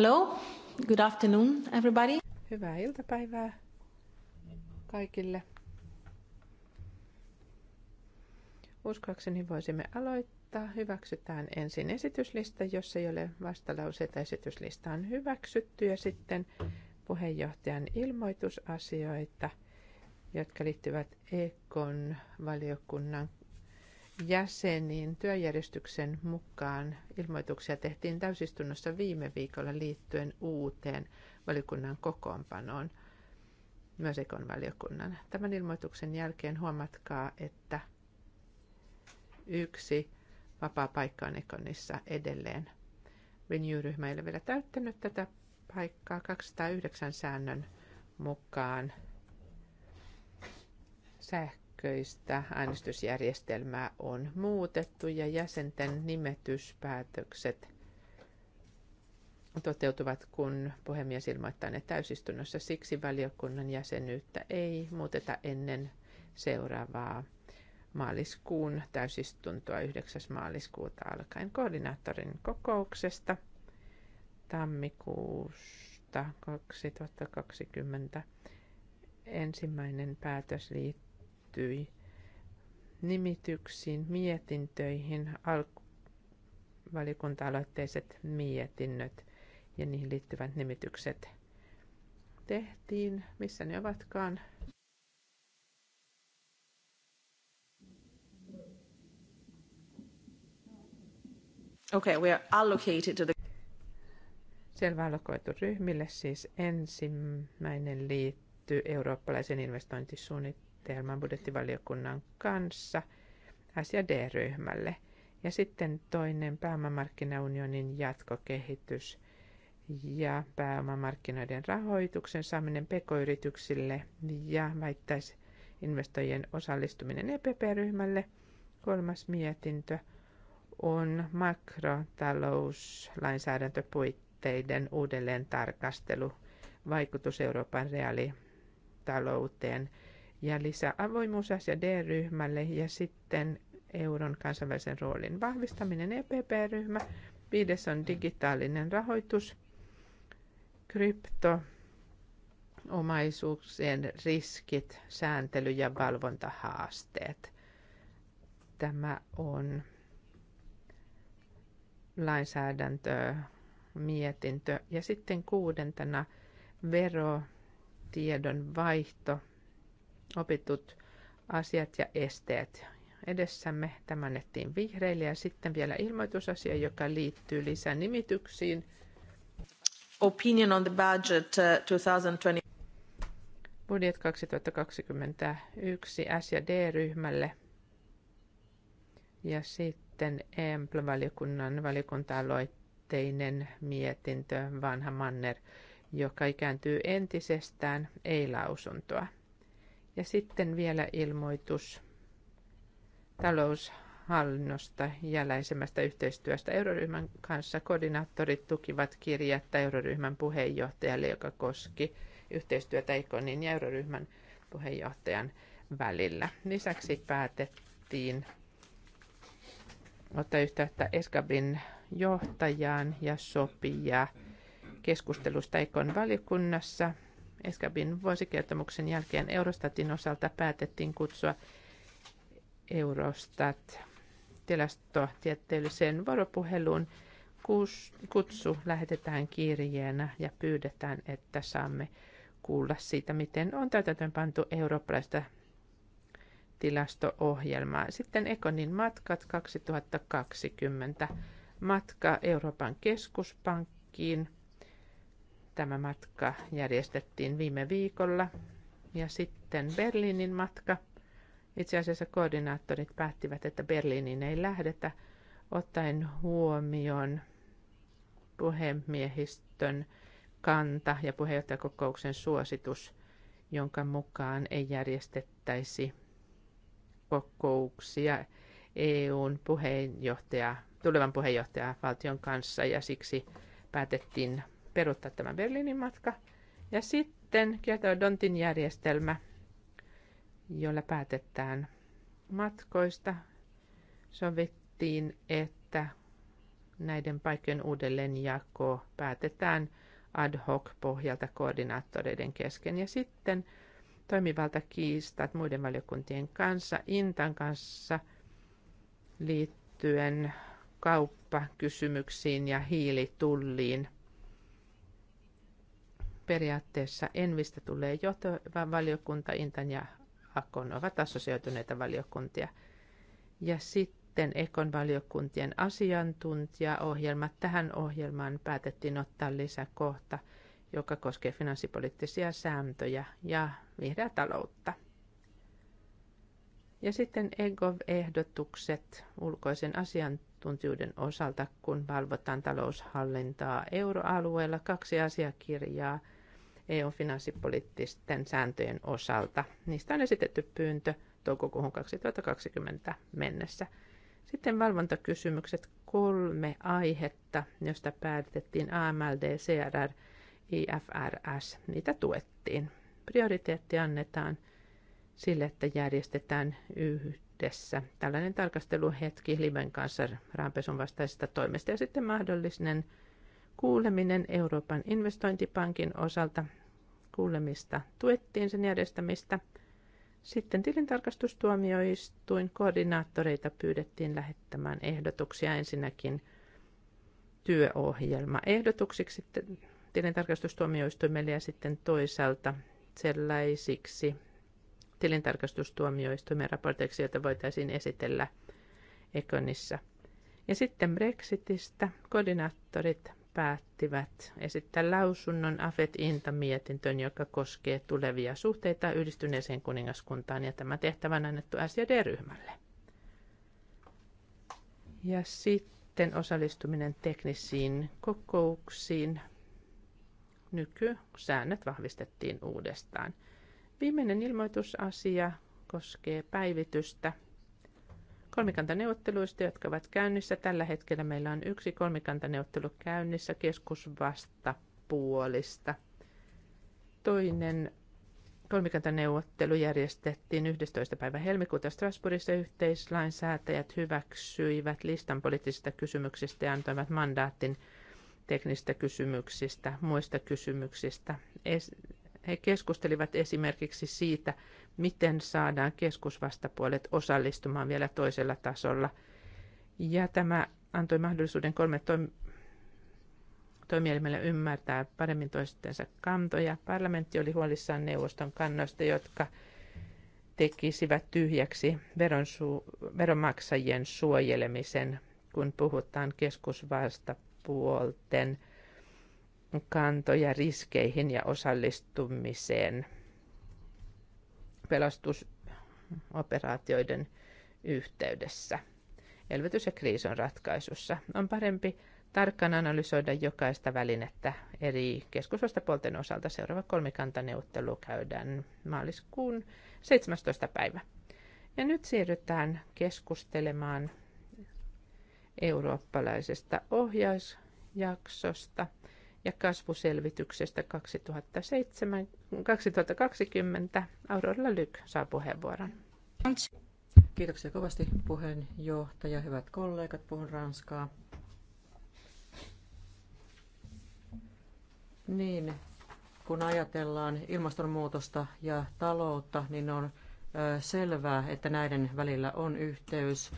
Hello, good afternoon everybody. Hyvää iltapäivää kaikille. Uskoakseni voisimme aloittaa. Hyväksytään ensin esityslista, jos ei ole vastalauseita. Esityslista on hyväksytty ja sitten puheenjohtajan ilmoitusasioita, jotka liittyvät EKON valiokunnan jäseniin työjärjestyksen mukaan ilmoituksia tehtiin täysistunnossa viime viikolla liittyen uuteen valiokunnan kokoonpanoon, myös Ekon valiokunnan. Tämän ilmoituksen jälkeen huomatkaa, että yksi vapaa paikka on Ekonissa edelleen. Renew-ryhmä ei ole vielä täyttänyt tätä paikkaa 209 säännön mukaan. Sähkö sähköistä äänestysjärjestelmää on muutettu ja jäsenten nimetyspäätökset toteutuvat, kun puhemies ilmoittaa ne täysistunnossa. Siksi valiokunnan jäsenyyttä ei muuteta ennen seuraavaa maaliskuun täysistuntoa 9. maaliskuuta alkaen koordinaattorin kokouksesta tammikuusta 2020. Ensimmäinen päätös liittyy liittyi nimityksiin, mietintöihin, valikunta-aloitteiset mietinnöt ja niihin liittyvät nimitykset tehtiin, missä ne ovatkaan. Okay, we are allocated to the... Selvä allokoitu ryhmille siis ensimmäinen liittyy eurooppalaisen investointisuunnitteluun suunnitelman budjettivaliokunnan kanssa SJD-ryhmälle. Ja sitten toinen pääomamarkkinaunionin jatkokehitys ja pääomamarkkinoiden rahoituksen saaminen pekoyrityksille ja investoijien osallistuminen EPP-ryhmälle. Kolmas mietintö on makrotalouslainsäädäntöpuitteiden uudelleen tarkastelu, vaikutus Euroopan reaalitalouteen – ja lisää avoimuusasia d ryhmälle ja sitten euron kansainvälisen roolin vahvistaminen EPP-ryhmä. Viides on digitaalinen rahoitus, krypto, omaisuuksien riskit, sääntely ja valvontahaasteet. Tämä on lainsäädäntö, mietintö ja sitten kuudentena verotiedon vaihto opitut asiat ja esteet. Edessämme tämä annettiin vihreille ja sitten vielä ilmoitusasia, joka liittyy lisänimityksiin. Opinion on the budget 2020. Uh, Budjet 2021 S- ja D-ryhmälle ja sitten EMPL-valiokunnan valiokunta-aloitteinen mietintö Vanha Manner, joka ikääntyy entisestään, ei lausuntoa. Ja sitten vielä ilmoitus taloushallinnosta ja yhteistyöstä euroryhmän kanssa. Koordinaattorit tukivat kirjettä euroryhmän puheenjohtajalle, joka koski yhteistyötä Ikonin ja euroryhmän puheenjohtajan välillä. Lisäksi päätettiin ottaa yhteyttä Eskabin johtajaan ja sopia keskustelusta Ikon valiokunnassa Eskabin vuosikertomuksen jälkeen Eurostatin osalta päätettiin kutsua Eurostat tilastotieteelliseen vuoropuheluun. Kutsu lähetetään kirjeenä ja pyydetään, että saamme kuulla siitä, miten on täytäntöönpantu eurooppalaista tilasto-ohjelmaa. Sitten Ekonin matkat 2020. Matka Euroopan keskuspankkiin – Tämä matka järjestettiin viime viikolla ja sitten Berliinin matka. Itse asiassa koordinaattorit päättivät, että Berliiniin ei lähdetä, ottaen huomioon puhemiehistön kanta ja puheenjohtajakokouksen suositus, jonka mukaan ei järjestettäisi kokouksia EUn puheenjohtaja, tulevan puheenjohtajavaltion kanssa ja siksi päätettiin peruuttaa tämä Berliinin matka. Ja sitten Kyoto Dontin järjestelmä, jolla päätetään matkoista. Sovittiin, että näiden paikkojen uudelleenjako päätetään ad hoc pohjalta koordinaattoreiden kesken. Ja sitten toimivalta kiistat muiden valiokuntien kanssa, Intan kanssa liittyen kauppakysymyksiin ja hiilitulliin – periaatteessa Envistä tulee johtava valiokunta, Intan ja Akon ovat assosioituneita valiokuntia. Ja sitten Ekon valiokuntien asiantuntijaohjelmat. Tähän ohjelmaan päätettiin ottaa lisäkohta, joka koskee finanssipoliittisia sääntöjä ja vihreää taloutta. Ja sitten EGOV-ehdotukset ulkoisen asiantuntijuuden osalta, kun valvotaan taloushallintaa euroalueella, kaksi asiakirjaa – EUn finanssipoliittisten sääntöjen osalta. Niistä on esitetty pyyntö toukokuuhun 2020 mennessä. Sitten valvontakysymykset, kolme aihetta, josta päätettiin AMLD, CRR, IFRS. Niitä tuettiin. Prioriteetti annetaan sille, että järjestetään yhdessä tällainen tarkasteluhetki Liven kanssa rahanpesun vastaisesta toimesta ja sitten mahdollinen kuuleminen Euroopan investointipankin osalta kuulemista tuettiin sen järjestämistä. Sitten tilintarkastustuomioistuin koordinaattoreita pyydettiin lähettämään ehdotuksia ensinnäkin työohjelma ehdotuksiksi tilintarkastustuomioistuimelle ja sitten toisaalta sellaisiksi tilintarkastustuomioistuimen raporteiksi, joita voitaisiin esitellä Ekonissa. Ja sitten Brexitistä koordinaattorit päättivät esittää lausunnon AFET Inta mietintöön, joka koskee tulevia suhteita yhdistyneeseen kuningaskuntaan ja tämä tehtävä on annettu SJD-ryhmälle. Ja sitten osallistuminen teknisiin kokouksiin. Nykysäännöt vahvistettiin uudestaan. Viimeinen ilmoitusasia koskee päivitystä kolmikantaneuvotteluista, jotka ovat käynnissä. Tällä hetkellä meillä on yksi kolmikantaneuvottelu käynnissä keskusvastapuolista. Toinen kolmikantaneuvottelu järjestettiin 11. päivä helmikuuta Strasbourgissa. Yhteislainsäätäjät hyväksyivät listan poliittisista kysymyksistä ja antoivat mandaatin teknistä kysymyksistä, muista kysymyksistä. He keskustelivat esimerkiksi siitä, miten saadaan keskusvastapuolet osallistumaan vielä toisella tasolla. Ja tämä antoi mahdollisuuden kolme toim- toimielimelle ymmärtää paremmin toistensa kantoja. Parlamentti oli huolissaan neuvoston kannoista, jotka tekisivät tyhjäksi veronsu- veronmaksajien suojelemisen, kun puhutaan keskusvastapuolten – kantoja riskeihin ja osallistumiseen pelastusoperaatioiden yhteydessä. Elvytys- ja kriisin ratkaisussa on parempi tarkkaan analysoida jokaista välinettä eri keskusvastapuolten osalta. Seuraava kolmikantaneuvottelu käydään maaliskuun 17. päivä. Ja nyt siirrytään keskustelemaan eurooppalaisesta ohjausjaksosta – ja kasvuselvityksestä 2007, 2020. Aurora Lyk saa puheenvuoron. Kiitoksia kovasti puheenjohtaja, hyvät kollegat, puhun ranskaa. Niin, kun ajatellaan ilmastonmuutosta ja taloutta, niin on selvää, että näiden välillä on yhteys.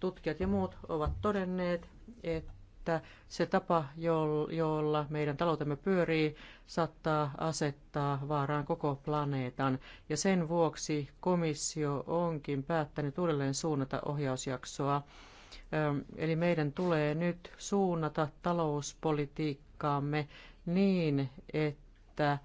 Tutkijat ja muut ovat todenneet, että että se tapa, jolla meidän taloutemme pyörii, saattaa asettaa vaaraan koko planeetan. Ja sen vuoksi komissio onkin päättänyt uudelleen suunnata ohjausjaksoa. Eli meidän tulee nyt suunnata talouspolitiikkaamme niin, että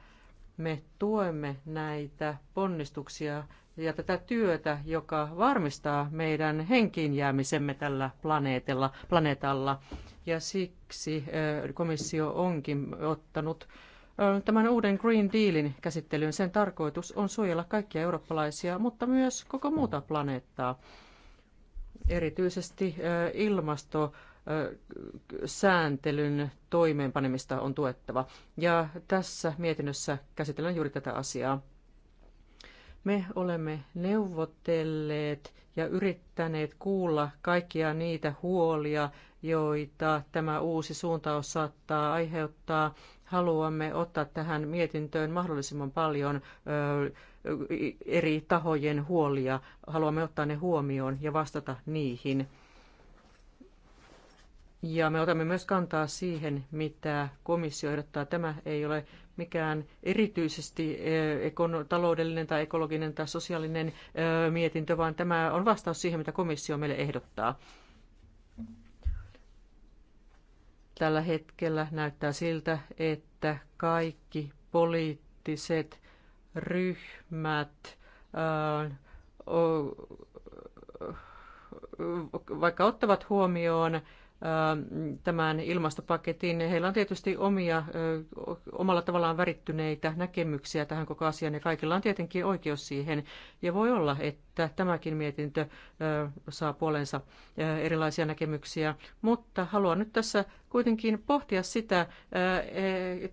me tuemme näitä ponnistuksia ja tätä työtä, joka varmistaa meidän jäämisemme tällä planeetalla. planeetalla. Ja siksi komissio onkin ottanut tämän uuden Green Dealin käsittelyyn. Sen tarkoitus on suojella kaikkia eurooppalaisia, mutta myös koko muuta planeettaa. Erityisesti ilmasto sääntelyn toimeenpanemista on tuettava. Ja tässä mietinnössä käsitellään juuri tätä asiaa. Me olemme neuvotelleet ja yrittäneet kuulla kaikkia niitä huolia, joita tämä uusi suuntaus saattaa aiheuttaa. Haluamme ottaa tähän mietintöön mahdollisimman paljon eri tahojen huolia. Haluamme ottaa ne huomioon ja vastata niihin. Ja me otamme myös kantaa siihen, mitä komissio ehdottaa. Tämä ei ole mikään erityisesti eh, taloudellinen tai ekologinen tai sosiaalinen eh, mietintö, vaan tämä on vastaus siihen, mitä komissio meille ehdottaa. Tällä hetkellä näyttää siltä, että kaikki poliittiset ryhmät, eh, vaikka ottavat huomioon tämän ilmastopaketin. Heillä on tietysti omia, omalla tavallaan värittyneitä näkemyksiä tähän koko asiaan ja kaikilla on tietenkin oikeus siihen. Ja voi olla, että tämäkin mietintö saa puolensa erilaisia näkemyksiä, mutta haluan nyt tässä kuitenkin pohtia sitä,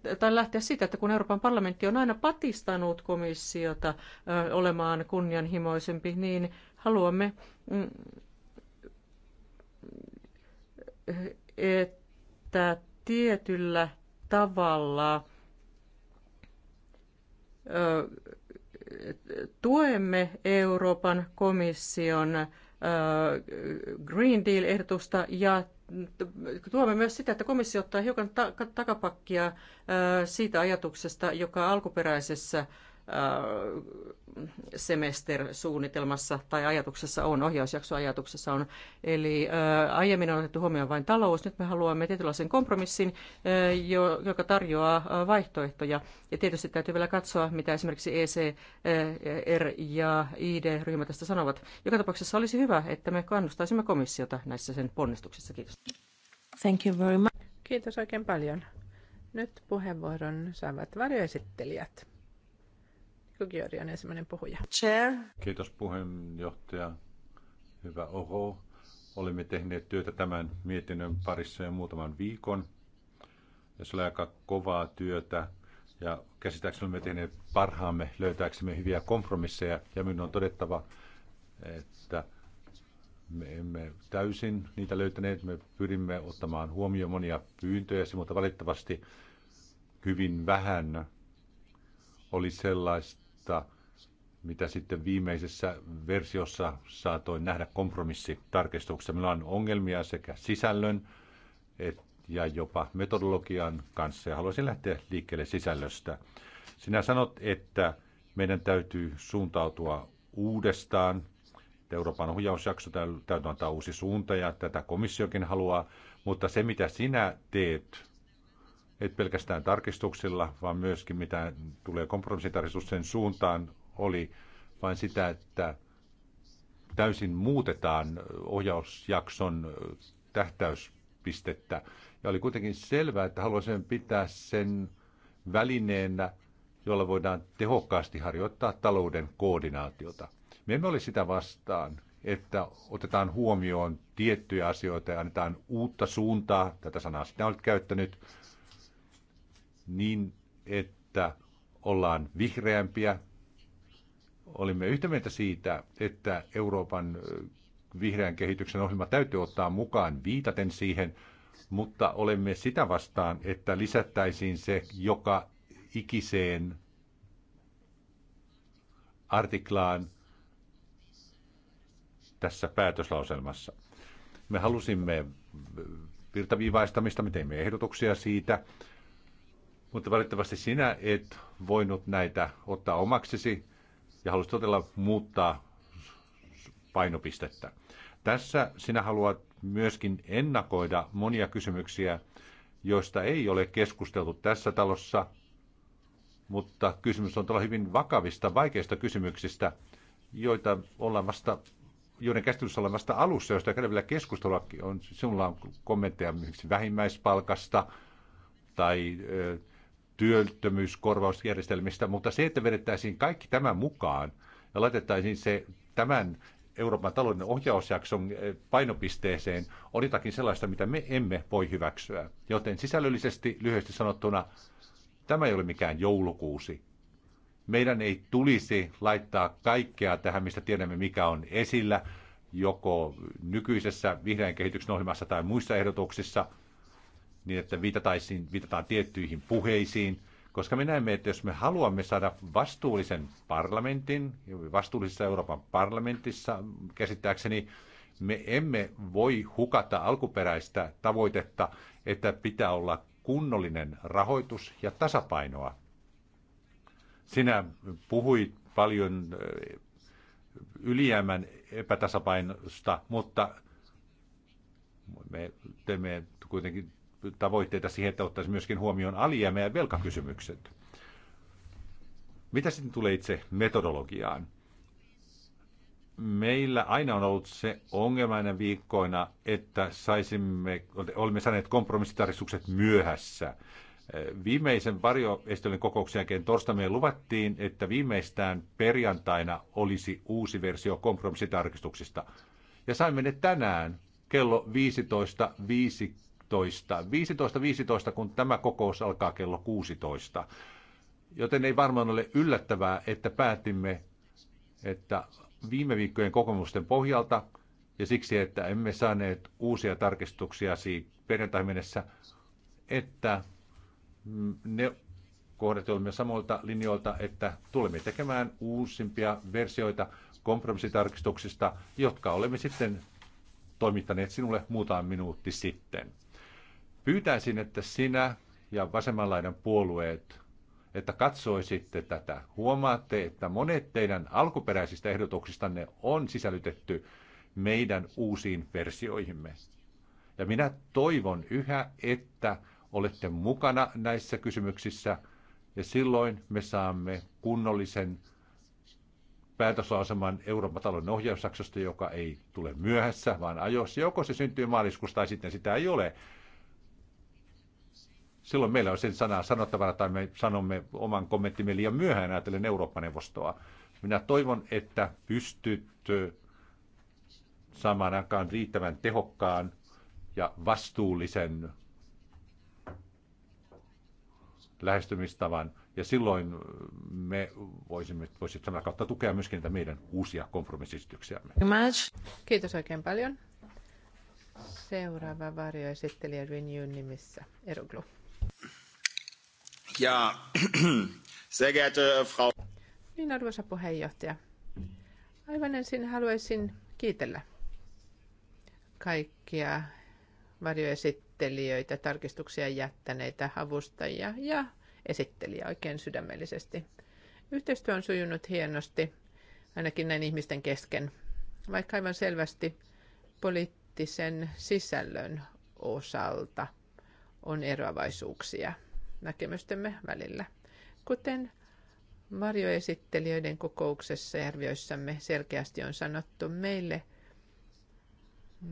e, tai lähteä siitä, että kun Euroopan parlamentti on aina patistanut komissiota olemaan kunnianhimoisempi, niin haluamme mm, että tietyllä tavalla tuemme Euroopan komission Green Deal-ehdotusta ja tuomme myös sitä, että komissio ottaa hiukan takapakkia siitä ajatuksesta, joka alkuperäisessä Äh, semestersuunnitelmassa tai ajatuksessa on, ohjausjaksoajatuksessa on. Eli äh, aiemmin on otettu huomioon vain talous, nyt me haluamme tietynlaisen kompromissin, äh, joka tarjoaa vaihtoehtoja. Ja tietysti täytyy vielä katsoa, mitä esimerkiksi ECR ja ID-ryhmä tästä sanovat. Joka tapauksessa olisi hyvä, että me kannustaisimme komissiota näissä sen ponnistuksissa. Kiitos. Thank you very much. Kiitos oikein paljon. Nyt puheenvuoron saavat varjoesittelijät. Kugiori ensimmäinen puhuja. Chair. Kiitos puheenjohtaja. Hyvä Oho. Olimme tehneet työtä tämän mietinnön parissa jo muutaman viikon. Ja se oli aika kovaa työtä. Ja käsittääkseni olemme tehneet parhaamme löytääksemme hyviä kompromisseja. Ja minun on todettava, että me emme täysin niitä löytäneet. Me pyrimme ottamaan huomioon monia pyyntöjä, mutta valitettavasti hyvin vähän oli sellaista, mutta mitä sitten viimeisessä versiossa saatoin nähdä kompromissitarkistuksessa. Meillä on ongelmia sekä sisällön et, ja jopa metodologian kanssa ja haluaisin lähteä liikkeelle sisällöstä. Sinä sanot, että meidän täytyy suuntautua uudestaan. Euroopan ohjausjakso täytyy antaa uusi suunta ja tätä komissiokin haluaa, mutta se mitä sinä teet et pelkästään tarkistuksilla, vaan myöskin mitä tulee sen suuntaan, oli vain sitä, että täysin muutetaan ohjausjakson tähtäyspistettä. Ja oli kuitenkin selvää, että haluaisin pitää sen välineenä, jolla voidaan tehokkaasti harjoittaa talouden koordinaatiota. Me emme ole sitä vastaan, että otetaan huomioon tiettyjä asioita ja annetaan uutta suuntaa, tätä sanaa sitä olet käyttänyt, niin, että ollaan vihreämpiä. Olimme yhtä mieltä siitä, että Euroopan vihreän kehityksen ohjelma täytyy ottaa mukaan viitaten siihen, mutta olemme sitä vastaan, että lisättäisiin se joka ikiseen artiklaan tässä päätöslauselmassa. Me halusimme virtaviivaistamista, me teimme ehdotuksia siitä, mutta valitettavasti sinä et voinut näitä ottaa omaksesi ja halusit todella muuttaa painopistettä. Tässä sinä haluat myöskin ennakoida monia kysymyksiä, joista ei ole keskusteltu tässä talossa, mutta kysymys on todella hyvin vakavista, vaikeista kysymyksistä, joita ollaan vasta joiden käsittelyssä ollaan vasta alussa, josta käydään vielä keskustelua, on, sinulla on kommentteja esimerkiksi vähimmäispalkasta tai työttömyyskorvausjärjestelmistä, mutta se, että vedettäisiin kaikki tämä mukaan ja laitettaisiin se tämän Euroopan talouden ohjausjakson eh, painopisteeseen, on jotakin sellaista, mitä me emme voi hyväksyä. Joten sisällöllisesti lyhyesti sanottuna tämä ei ole mikään joulukuusi. Meidän ei tulisi laittaa kaikkea tähän, mistä tiedämme, mikä on esillä, joko nykyisessä vihreän kehityksen ohjelmassa tai muissa ehdotuksissa – niin, että viitataisiin, viitataan tiettyihin puheisiin, koska me näemme, että jos me haluamme saada vastuullisen parlamentin, vastuullisessa Euroopan parlamentissa käsittääkseni, me emme voi hukata alkuperäistä tavoitetta, että pitää olla kunnollinen rahoitus ja tasapainoa. Sinä puhuit paljon eh, ylijäämän epätasapainosta, mutta me teemme kuitenkin tavoitteita siihen, että ottaisi myöskin huomioon alijäämä- ja velkakysymykset. Mitä sitten tulee itse metodologiaan? Meillä aina on ollut se ongelmainen viikkoina, että saisimme, olemme saaneet kompromissitarkistukset myöhässä. Viimeisen varjoestelyn kokouksen jälkeen torstamme luvattiin, että viimeistään perjantaina olisi uusi versio kompromissitarkistuksista. Ja saimme ne tänään kello 15. 15, 15, kun tämä kokous alkaa kello 16. Joten ei varmaan ole yllättävää, että päätimme, että viime viikkojen kokemusten pohjalta ja siksi, että emme saaneet uusia tarkistuksia siinä perjantai mennessä, että ne kohdat olemme samoilta linjoilta, että tulemme tekemään uusimpia versioita kompromissitarkistuksista, jotka olemme sitten toimittaneet sinulle muutama minuutti sitten. Pyytäisin, että sinä ja vasemmanlainen puolueet, että katsoisitte tätä. Huomaatte, että monet teidän alkuperäisistä ehdotuksistanne on sisällytetty meidän uusiin versioihimme. Ja minä toivon yhä, että olette mukana näissä kysymyksissä ja silloin me saamme kunnollisen päätöslauselman Euroopan talouden ohjausjaksosta, joka ei tule myöhässä, vaan ajoissa. Joko se syntyy maaliskuussa tai sitten sitä ei ole silloin meillä on sen sana sanottavana tai me sanomme oman kommenttimme liian myöhään ajatellen Eurooppa-neuvostoa. Minä toivon, että pystyt saamaan aikaan riittävän tehokkaan ja vastuullisen lähestymistavan. Ja silloin me voisimme, voisit samalla kautta tukea myöskin niitä meidän uusia kompromissistyksiämme. Kiitos oikein paljon. Seuraava varjoesittelijä Renew nimissä, Eroglu. Ja, sehr geehrte Frau. Niin, arvoisa puheenjohtaja. Aivan ensin haluaisin kiitellä kaikkia varjoesittelijöitä, tarkistuksia jättäneitä, avustajia ja esittelijä oikein sydämellisesti. Yhteistyö on sujunut hienosti, ainakin näin ihmisten kesken, vaikka aivan selvästi poliittisen sisällön osalta on eroavaisuuksia – näkemystemme välillä. Kuten varjoesittelijöiden kokouksessa Järviöissämme selkeästi on sanottu, meille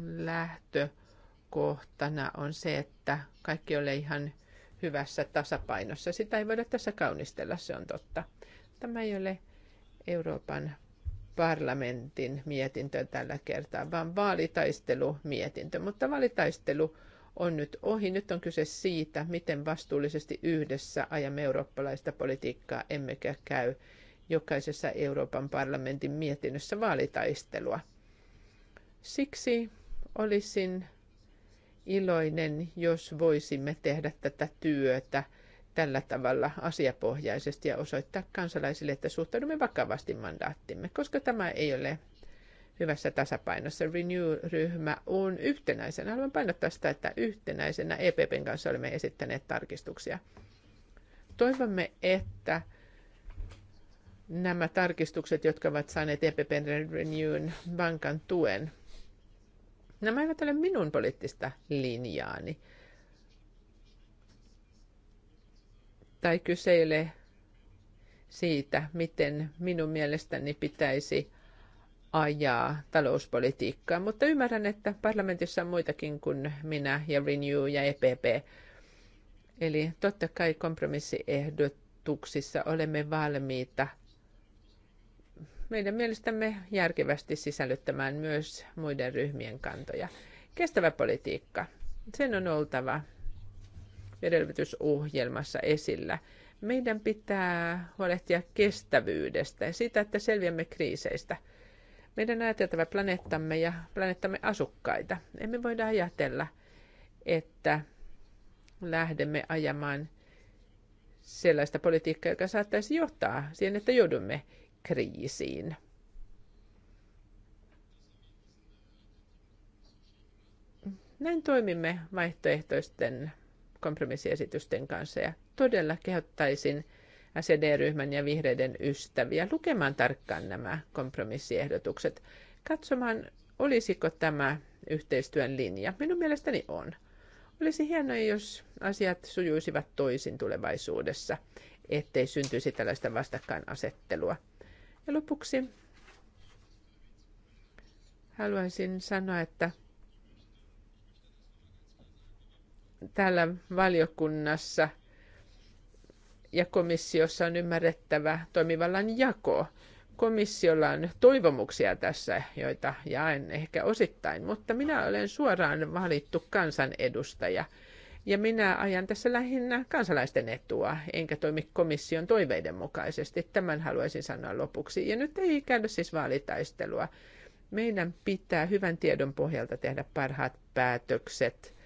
lähtökohtana on se, että kaikki ole ihan hyvässä tasapainossa. Sitä ei voida tässä kaunistella, se on totta. Tämä ei ole Euroopan parlamentin mietintö tällä kertaa, vaan vaalitaistelumietintö. mietintö. Mutta vaalitaistelu on nyt ohi. Nyt on kyse siitä, miten vastuullisesti yhdessä ajamme eurooppalaista politiikkaa, emmekä käy jokaisessa Euroopan parlamentin mietinnössä vaalitaistelua. Siksi olisin iloinen, jos voisimme tehdä tätä työtä tällä tavalla asiapohjaisesti ja osoittaa kansalaisille, että suhtaudumme vakavasti mandaattimme, koska tämä ei ole hyvässä tasapainossa. Renew-ryhmä on yhtenäisenä. Haluan painottaa sitä, että yhtenäisenä EPPn kanssa olemme esittäneet tarkistuksia. Toivomme, että nämä tarkistukset, jotka ovat saaneet EPPn Renewn vankan tuen, nämä eivät ole minun poliittista linjaani. Tai kyse siitä, miten minun mielestäni pitäisi ajaa talouspolitiikkaa, mutta ymmärrän, että parlamentissa on muitakin kuin minä ja Renew ja EPP. Eli totta kai kompromissiehdotuksissa olemme valmiita meidän mielestämme järkevästi sisällyttämään myös muiden ryhmien kantoja. Kestävä politiikka. Sen on oltava edellytysohjelmassa esillä. Meidän pitää huolehtia kestävyydestä ja siitä, että selviämme kriiseistä – meidän on ajateltava planeettamme ja planeettamme asukkaita. Emme voida ajatella, että lähdemme ajamaan sellaista politiikkaa, joka saattaisi johtaa siihen, että joudumme kriisiin. Näin toimimme vaihtoehtoisten kompromissiesitysten kanssa ja todella kehottaisin SED-ryhmän ja vihreiden ystäviä lukemaan tarkkaan nämä kompromissiehdotukset, katsomaan, olisiko tämä yhteistyön linja. Minun mielestäni on. Olisi hienoa, jos asiat sujuisivat toisin tulevaisuudessa, ettei syntyisi tällaista vastakkainasettelua. Ja lopuksi haluaisin sanoa, että täällä valiokunnassa – ja komissiossa on ymmärrettävä toimivallan jako. Komissiolla on toivomuksia tässä, joita jaen ehkä osittain, mutta minä olen suoraan valittu kansanedustaja. Ja minä ajan tässä lähinnä kansalaisten etua, enkä toimi komission toiveiden mukaisesti. Tämän haluaisin sanoa lopuksi. Ja nyt ei käydä siis vaalitaistelua. Meidän pitää hyvän tiedon pohjalta tehdä parhaat päätökset –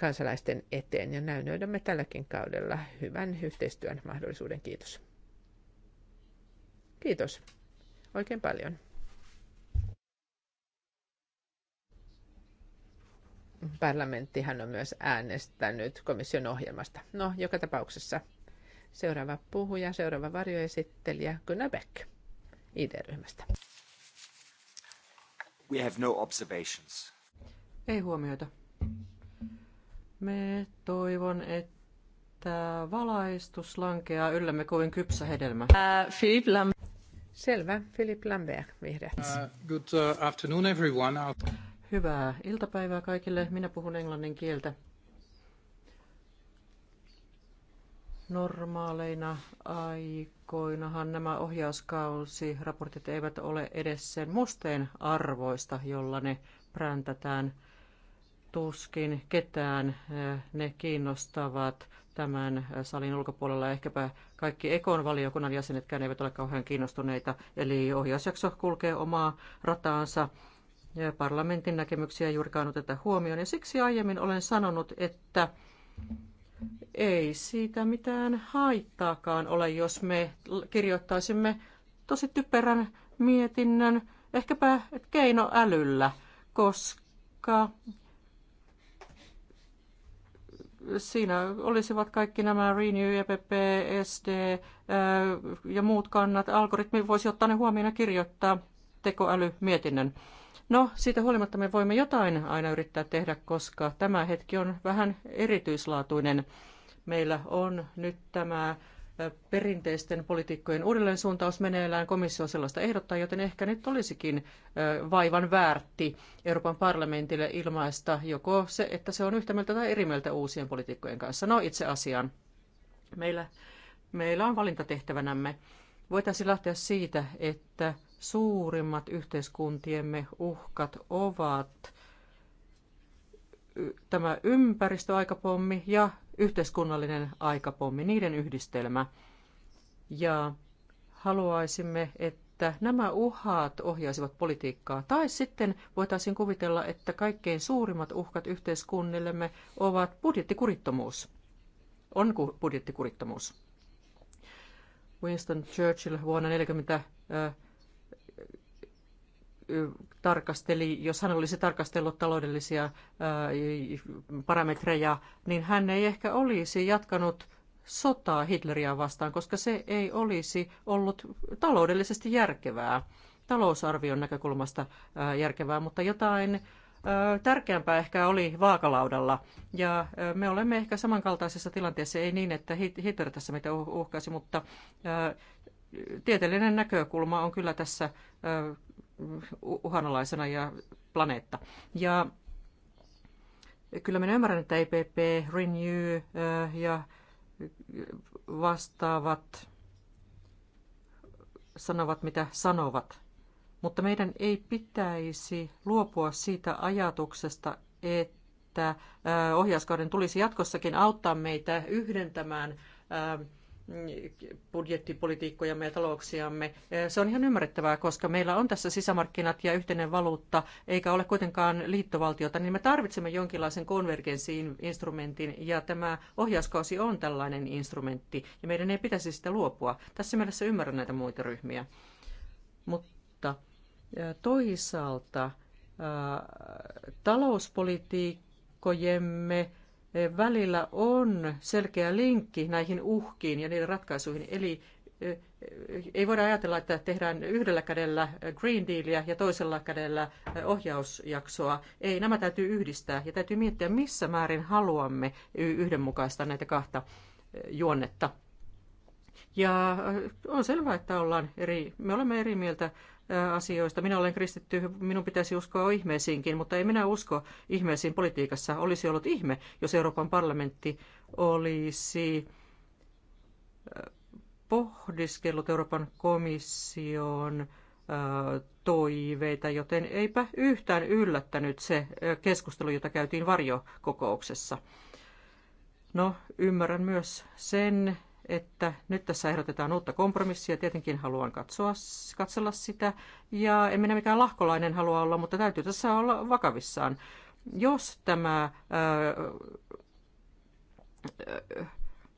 kansalaisten eteen ja näin löydämme tälläkin kaudella hyvän yhteistyön mahdollisuuden. Kiitos. Kiitos oikein paljon. Parlamenttihan on myös äänestänyt komission ohjelmasta. No, joka tapauksessa seuraava puhuja, seuraava varjoesittelijä Gunnar Beck ID-ryhmästä. We have no observations. Ei huomioita. Me toivon, että valaistus lankeaa yllämme kuin kypsä hedelmä. Uh, äh, Philip Lam- Selvä. Philip Lambert, vihreät. Äh, uh, good afternoon everyone. Hyvää iltapäivää kaikille. Minä puhun englannin kieltä. Normaaleina aikoinahan nämä ohjauskausiraportit eivät ole edes sen musteen arvoista, jolla ne präntätään – tuskin ketään ne kiinnostavat tämän salin ulkopuolella. Ehkäpä kaikki Ekon valiokunnan jäsenetkään eivät ole kauhean kiinnostuneita, eli ohjausjakso kulkee omaa rataansa. Ja parlamentin näkemyksiä juurikaan oteta huomioon, ja siksi aiemmin olen sanonut, että ei siitä mitään haittaakaan ole, jos me kirjoittaisimme tosi typerän mietinnön, ehkäpä keinoälyllä, koska siinä olisivat kaikki nämä Renew, EPP, SD ja muut kannat. Algoritmi voisi ottaa ne huomioon ja kirjoittaa tekoälymietinnön. No, siitä huolimatta me voimme jotain aina yrittää tehdä, koska tämä hetki on vähän erityislaatuinen. Meillä on nyt tämä perinteisten poliitikkojen uudelleensuuntaus meneillään. Komissio sellaista ehdottaa, joten ehkä nyt olisikin vaivan väärti Euroopan parlamentille ilmaista joko se, että se on yhtä mieltä tai eri mieltä uusien poliitikkojen kanssa. No itse asiaan. Meillä, meillä on valintatehtävänämme. Voitaisiin lähteä siitä, että suurimmat yhteiskuntiemme uhkat ovat tämä ympäristöaikapommi ja yhteiskunnallinen aikapommi, niiden yhdistelmä. Ja haluaisimme, että nämä uhat ohjaisivat politiikkaa. Tai sitten voitaisiin kuvitella, että kaikkein suurimmat uhkat yhteiskunnillemme ovat budjettikurittomuus. On budjettikurittomuus. Winston Churchill vuonna 1940 tarkasteli, jos hän olisi tarkastellut taloudellisia parametreja, niin hän ei ehkä olisi jatkanut sotaa Hitleriä vastaan, koska se ei olisi ollut taloudellisesti järkevää, talousarvion näkökulmasta järkevää, mutta jotain tärkeämpää ehkä oli vaakalaudalla. Ja me olemme ehkä samankaltaisessa tilanteessa, ei niin, että Hitler tässä meitä uh-, uhkaisi, mutta tieteellinen näkökulma on kyllä tässä uhanalaisena ja planeetta. Ja kyllä minä ymmärrän, että EPP, Renew äh, ja vastaavat sanovat, mitä sanovat. Mutta meidän ei pitäisi luopua siitä ajatuksesta, että äh, ohjauskauden tulisi jatkossakin auttaa meitä yhdentämään äh, budjettipolitiikkojamme ja talouksiamme. Se on ihan ymmärrettävää, koska meillä on tässä sisämarkkinat ja yhteinen valuutta, eikä ole kuitenkaan liittovaltiota, niin me tarvitsemme jonkinlaisen konvergenssi-instrumentin, ja tämä ohjauskausi on tällainen instrumentti, ja meidän ei pitäisi sitä luopua. Tässä mielessä ymmärrän näitä muita ryhmiä. Mutta toisaalta talouspolitiikkojemme välillä on selkeä linkki näihin uhkiin ja niiden ratkaisuihin. Eli ei voida ajatella, että tehdään yhdellä kädellä Green Dealia ja toisella kädellä ohjausjaksoa. Ei, nämä täytyy yhdistää ja täytyy miettiä, missä määrin haluamme yhdenmukaista näitä kahta juonnetta. Ja on selvää, että ollaan eri, me olemme eri mieltä asioista. Minä olen kristitty, minun pitäisi uskoa ihmeisiinkin, mutta ei minä usko ihmeisiin politiikassa. Olisi ollut ihme, jos Euroopan parlamentti olisi pohdiskellut Euroopan komission toiveita, joten eipä yhtään yllättänyt se keskustelu, jota käytiin varjokokouksessa. No, ymmärrän myös sen, että nyt tässä ehdotetaan uutta kompromissia. Tietenkin haluan katsoa, katsella sitä. Ja en minä mikään lahkolainen halua olla, mutta täytyy tässä olla vakavissaan. Jos tämä... Ää,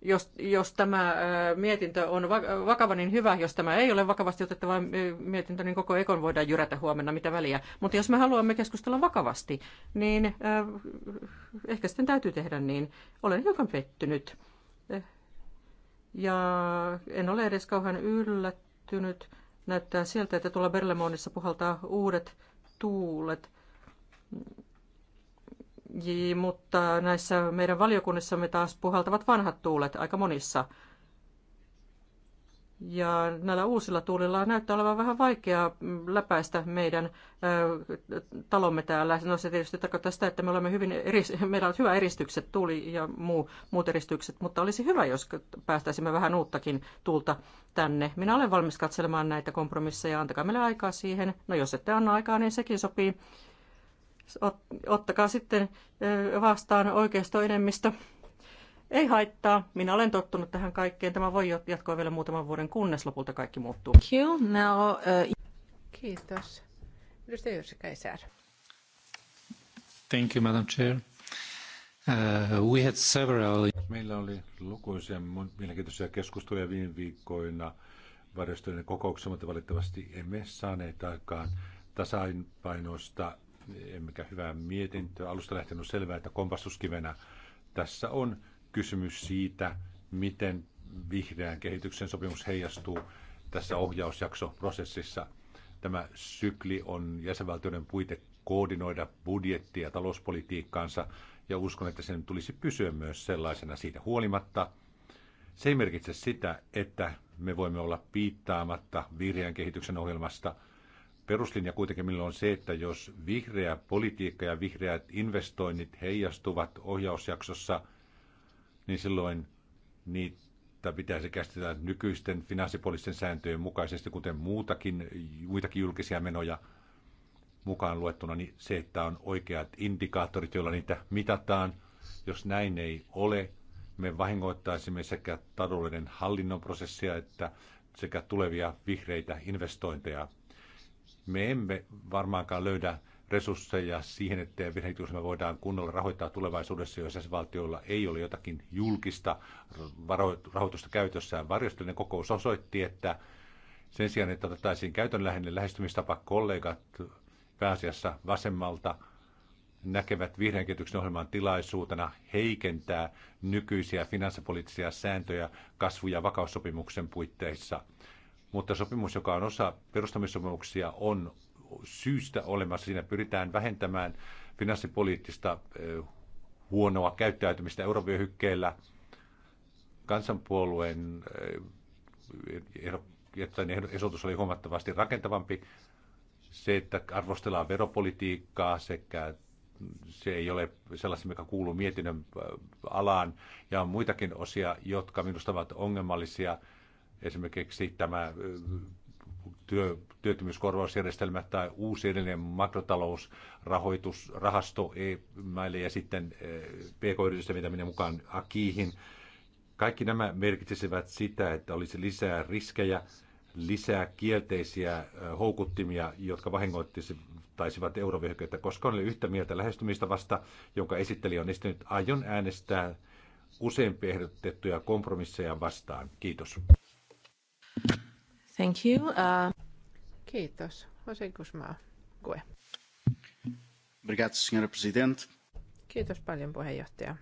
jos, jos tämä mietintö on vakava, niin hyvä. Jos tämä ei ole vakavasti otettava mietintö, niin koko ekon voidaan jyrätä huomenna, mitä väliä. Mutta jos me haluamme keskustella vakavasti, niin ehkä sitten täytyy tehdä niin. Olen hiukan pettynyt ja en ole edes kauhean yllättynyt. Näyttää sieltä, että tuolla Berlemonissa puhaltaa uudet tuulet. Mutta näissä meidän valiokunnissamme taas puhaltavat vanhat tuulet aika monissa ja näillä uusilla tuulilla näyttää olevan vähän vaikeaa läpäistä meidän ö, talomme täällä. No se tietysti tarkoittaa sitä, että me olemme hyvin eri, meillä on hyvä eristykset, tuuli ja muu, muut eristykset, mutta olisi hyvä, jos päästäisimme vähän uuttakin tuulta tänne. Minä olen valmis katselemaan näitä kompromisseja, antakaa meille aikaa siihen. No jos ette anna aikaa, niin sekin sopii. Ot, ottakaa sitten vastaan oikeisto enemmistö ei haittaa, minä olen tottunut tähän kaikkeen. Tämä voi jatkoa vielä muutaman vuoden, kunnes lopulta kaikki muuttuu. Uh, Kiitos. Edustaja Jyrsi Kaisar. Thank you, Madam Chair. Uh, we had several... Meillä oli lukuisia mielenkiintoisia keskusteluja viime viikkoina varjostojen kokouksessa, mutta valitettavasti emme saaneet aikaan tasainpainoista, emmekä hyvää mietintöä. Alusta lähtenyt selvää, että kompastuskivenä tässä on kysymys siitä, miten vihreän kehityksen sopimus heijastuu tässä ohjausjaksoprosessissa. Tämä sykli on jäsenvaltioiden puite koordinoida budjetti- ja talouspolitiikkaansa, ja uskon, että sen tulisi pysyä myös sellaisena siitä huolimatta. Se ei merkitse sitä, että me voimme olla piittaamatta vihreän kehityksen ohjelmasta. Peruslinja kuitenkin meillä on se, että jos vihreä politiikka ja vihreät investoinnit heijastuvat ohjausjaksossa – niin silloin niitä pitäisi käsitellä nykyisten finanssipoliittisten sääntöjen mukaisesti, kuten muutakin, muitakin julkisia menoja mukaan luettuna, niin se, että on oikeat indikaattorit, joilla niitä mitataan. Jos näin ei ole, me vahingoittaisimme sekä taloudellinen hallinnon prosessia että sekä tulevia vihreitä investointeja. Me emme varmaankaan löydä resursseja siihen, että virhehityksemme voidaan kunnolla rahoittaa tulevaisuudessa, jos jäsenvaltioilla ei ole jotakin julkista rahoitusta käytössään. Varjostollinen kokous osoitti, että sen sijaan, että otettaisiin käytönläheinen lähestymistapa, kollegat pääasiassa vasemmalta näkevät vihreän kehityksen ohjelman tilaisuutena heikentää nykyisiä finanssipoliittisia sääntöjä kasvu- ja vakaussopimuksen puitteissa. Mutta sopimus, joka on osa perustamissopimuksia, on syystä olemassa. Siinä pyritään vähentämään finanssipoliittista huonoa käyttäytymistä eurovyöhykkeellä. Kansanpuolueen esotus oli huomattavasti rakentavampi. Se, että arvostellaan veropolitiikkaa sekä se ei ole sellaisen, mikä kuuluu mietinnön alaan. Ja on muitakin osia, jotka minusta ovat ongelmallisia. Esimerkiksi tämä työ, työttömyyskorvausjärjestelmä tai uusi edellinen makrotalousrahoitusrahasto e-maille ja sitten eh, pk-yritysten vetäminen mukaan akiihin. Kaikki nämä merkitsisivät sitä, että olisi lisää riskejä, lisää kielteisiä eh, houkuttimia, jotka vahingoittaisivat eurovyöhykettä, koska olen yhtä mieltä lähestymistä vasta, jonka esittelijä on esittänyt. Aion äänestää useimpia ehdotettuja kompromisseja vastaan. Kiitos. Thank you. Uh... Kiitos. Jose Kusmaa, Kue. Obrigado, senhora presidente. Kiitos paljon puheenjohtaja.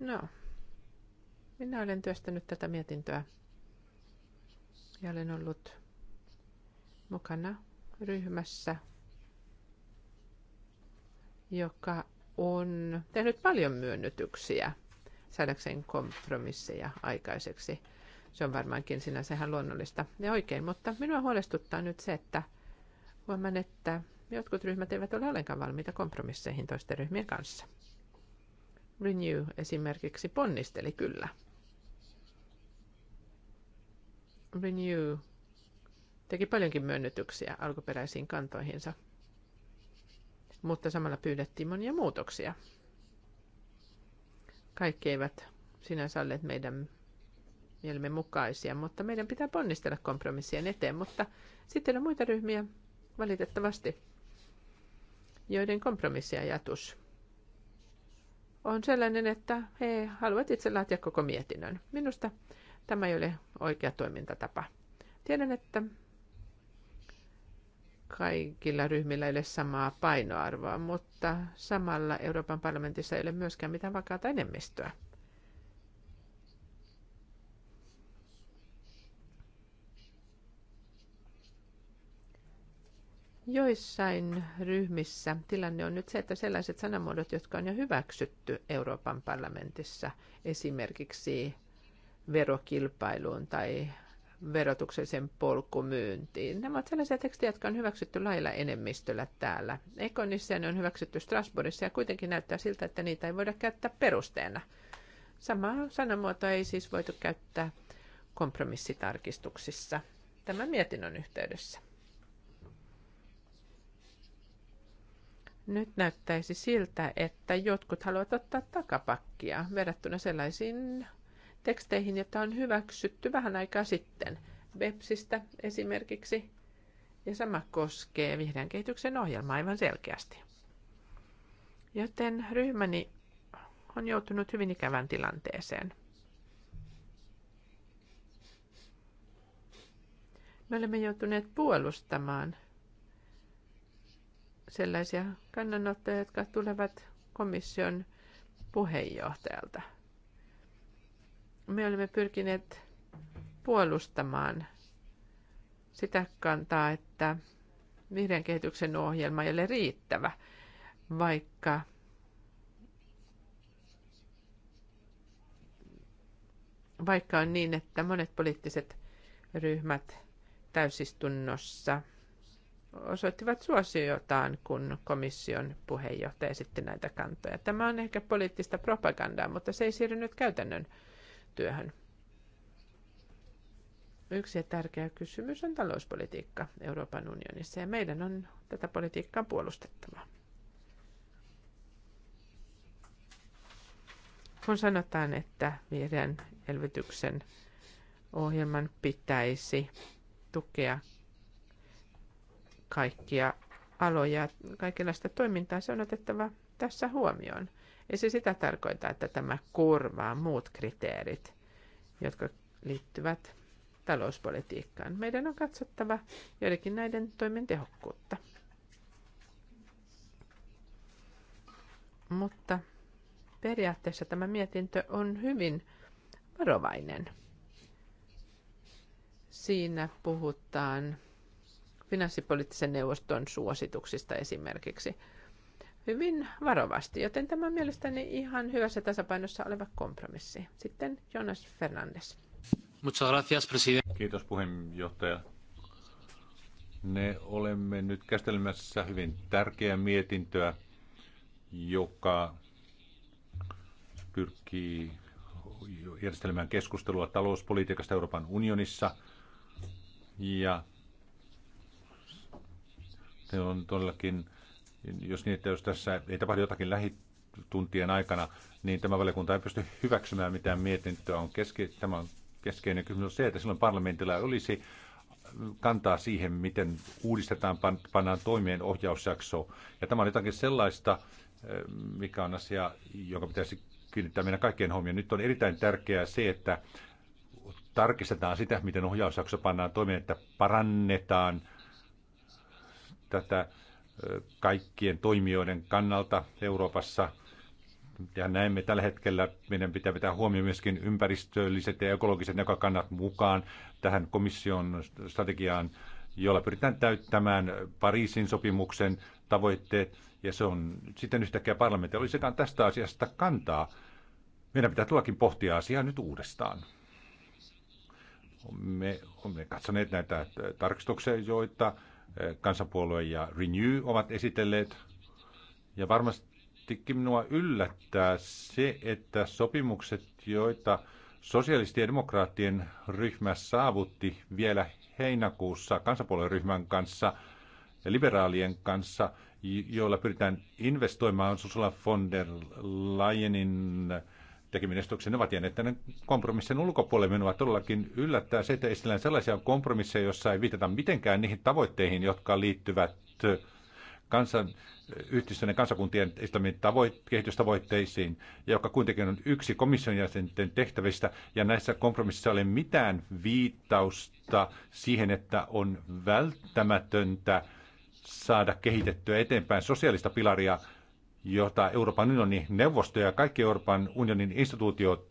No, minä olen työstänyt tätä mietintöä ja olen ollut mukana ryhmässä, joka on tehnyt paljon myönnytyksiä – saadakseen kompromisseja aikaiseksi. Se on varmaankin sinänsä ihan luonnollista ja oikein, mutta minua huolestuttaa nyt se, että huomaan, että jotkut ryhmät eivät ole ollenkaan valmiita kompromisseihin toisten ryhmien kanssa. Renew esimerkiksi ponnisteli kyllä. Renew teki paljonkin myönnytyksiä alkuperäisiin kantoihinsa, mutta samalla pyydettiin monia muutoksia kaikki eivät sinänsä olleet meidän mielemme mukaisia, mutta meidän pitää ponnistella kompromissien eteen. Mutta sitten on muita ryhmiä, valitettavasti, joiden kompromissiajatus on sellainen, että he haluavat itse laatia koko mietinnön. Minusta tämä ei ole oikea toimintatapa. Tiedän, että kaikilla ryhmillä ei ole samaa painoarvoa, mutta samalla Euroopan parlamentissa ei ole myöskään mitään vakaata enemmistöä. Joissain ryhmissä tilanne on nyt se, että sellaiset sanamuodot, jotka on jo hyväksytty Euroopan parlamentissa, esimerkiksi verokilpailuun tai verotuksellisen polkumyyntiin. Nämä ovat sellaisia tekstejä, jotka on hyväksytty lailla enemmistöllä täällä. Ekonissa ne on hyväksytty Strasbourgissa ja kuitenkin näyttää siltä, että niitä ei voida käyttää perusteena. Samaa sanamuotoa ei siis voitu käyttää kompromissitarkistuksissa tämän mietinnön yhteydessä. Nyt näyttäisi siltä, että jotkut haluavat ottaa takapakkia verrattuna sellaisiin teksteihin, tämä on hyväksytty vähän aikaa sitten. Websistä esimerkiksi. Ja sama koskee vihreän kehityksen ohjelmaa aivan selkeästi. Joten ryhmäni on joutunut hyvin ikävän tilanteeseen. Me olemme joutuneet puolustamaan sellaisia kannanottoja, jotka tulevat komission puheenjohtajalta – me olemme pyrkineet puolustamaan sitä kantaa, että vihreän kehityksen ohjelma ei ole riittävä, vaikka vaikka on niin, että monet poliittiset ryhmät täysistunnossa osoittivat suosiotaan, kun komission puheenjohtaja esitti näitä kantoja. Tämä on ehkä poliittista propagandaa, mutta se ei siirry nyt käytännön työhön. Yksi tärkeä kysymys on talouspolitiikka Euroopan unionissa ja meidän on tätä politiikkaa puolustettava. Kun sanotaan, että vihreän elvytyksen ohjelman pitäisi tukea kaikkia aloja, kaikenlaista toimintaa, se on otettava tässä huomioon. Ei se sitä tarkoita, että tämä korvaa muut kriteerit, jotka liittyvät talouspolitiikkaan. Meidän on katsottava joidenkin näiden toimien tehokkuutta. Mutta periaatteessa tämä mietintö on hyvin varovainen. Siinä puhutaan finanssipoliittisen neuvoston suosituksista esimerkiksi – hyvin varovasti, joten tämä on mielestäni ihan hyvässä tasapainossa oleva kompromissi. Sitten Jonas Fernandes. Muchas gracias, presidente. Kiitos puheenjohtaja. Ne olemme nyt käsittelemässä hyvin tärkeää mietintöä, joka pyrkii järjestelemään keskustelua talouspolitiikasta Euroopan unionissa. Ja se on todellakin jos, niin, että jos tässä ei tapahdu jotakin lähituntien aikana, niin tämä valiokunta ei pysty hyväksymään mitään mietintöä. On keske, tämä on keskeinen kysymys on se, että silloin parlamentilla olisi kantaa siihen, miten uudistetaan, pannaan toimeen ohjausjakso. Ja tämä on jotakin sellaista, eh, mikä on asia, joka pitäisi kiinnittää meidän kaikkien huomioon. Nyt on erittäin tärkeää se, että tarkistetaan sitä, miten ohjausjakso pannaan toimeen, että parannetaan tätä kaikkien toimijoiden kannalta Euroopassa. Ja näemme tällä hetkellä, meidän pitää pitää huomioon myöskin ympäristölliset ja ekologiset näkökannat mukaan tähän komission strategiaan, jolla pyritään täyttämään Pariisin sopimuksen tavoitteet. Ja se on sitten yhtäkkiä parlamentti olisikaan tästä asiasta kantaa. Meidän pitää tullakin pohtia asiaa nyt uudestaan. Me olemme katsoneet näitä tarkistuksia, joita kansanpuolue ja Renew ovat esitelleet. Ja varmastikin minua yllättää se, että sopimukset, joita sosialistien ja demokraattien ryhmä saavutti vielä heinäkuussa kansanpuolueryhmän kanssa ja liberaalien kanssa, joilla pyritään investoimaan Susula von der Leyenin äh, tekeminen ne ovat jääneet tänne kompromissin ulkopuolelle. Minua todellakin yllättää se, että esitellään sellaisia kompromisseja, joissa ei viitata mitenkään niihin tavoitteihin, jotka liittyvät kansan, yhteistyön kansakuntien esittämiin tavoit, kehitystavoitteisiin, joka kuitenkin on yksi komission jäsenten tehtävistä, ja näissä kompromississa ei ole mitään viittausta siihen, että on välttämätöntä saada kehitettyä eteenpäin sosiaalista pilaria – jota Euroopan unionin neuvosto ja kaikki Euroopan unionin instituutiot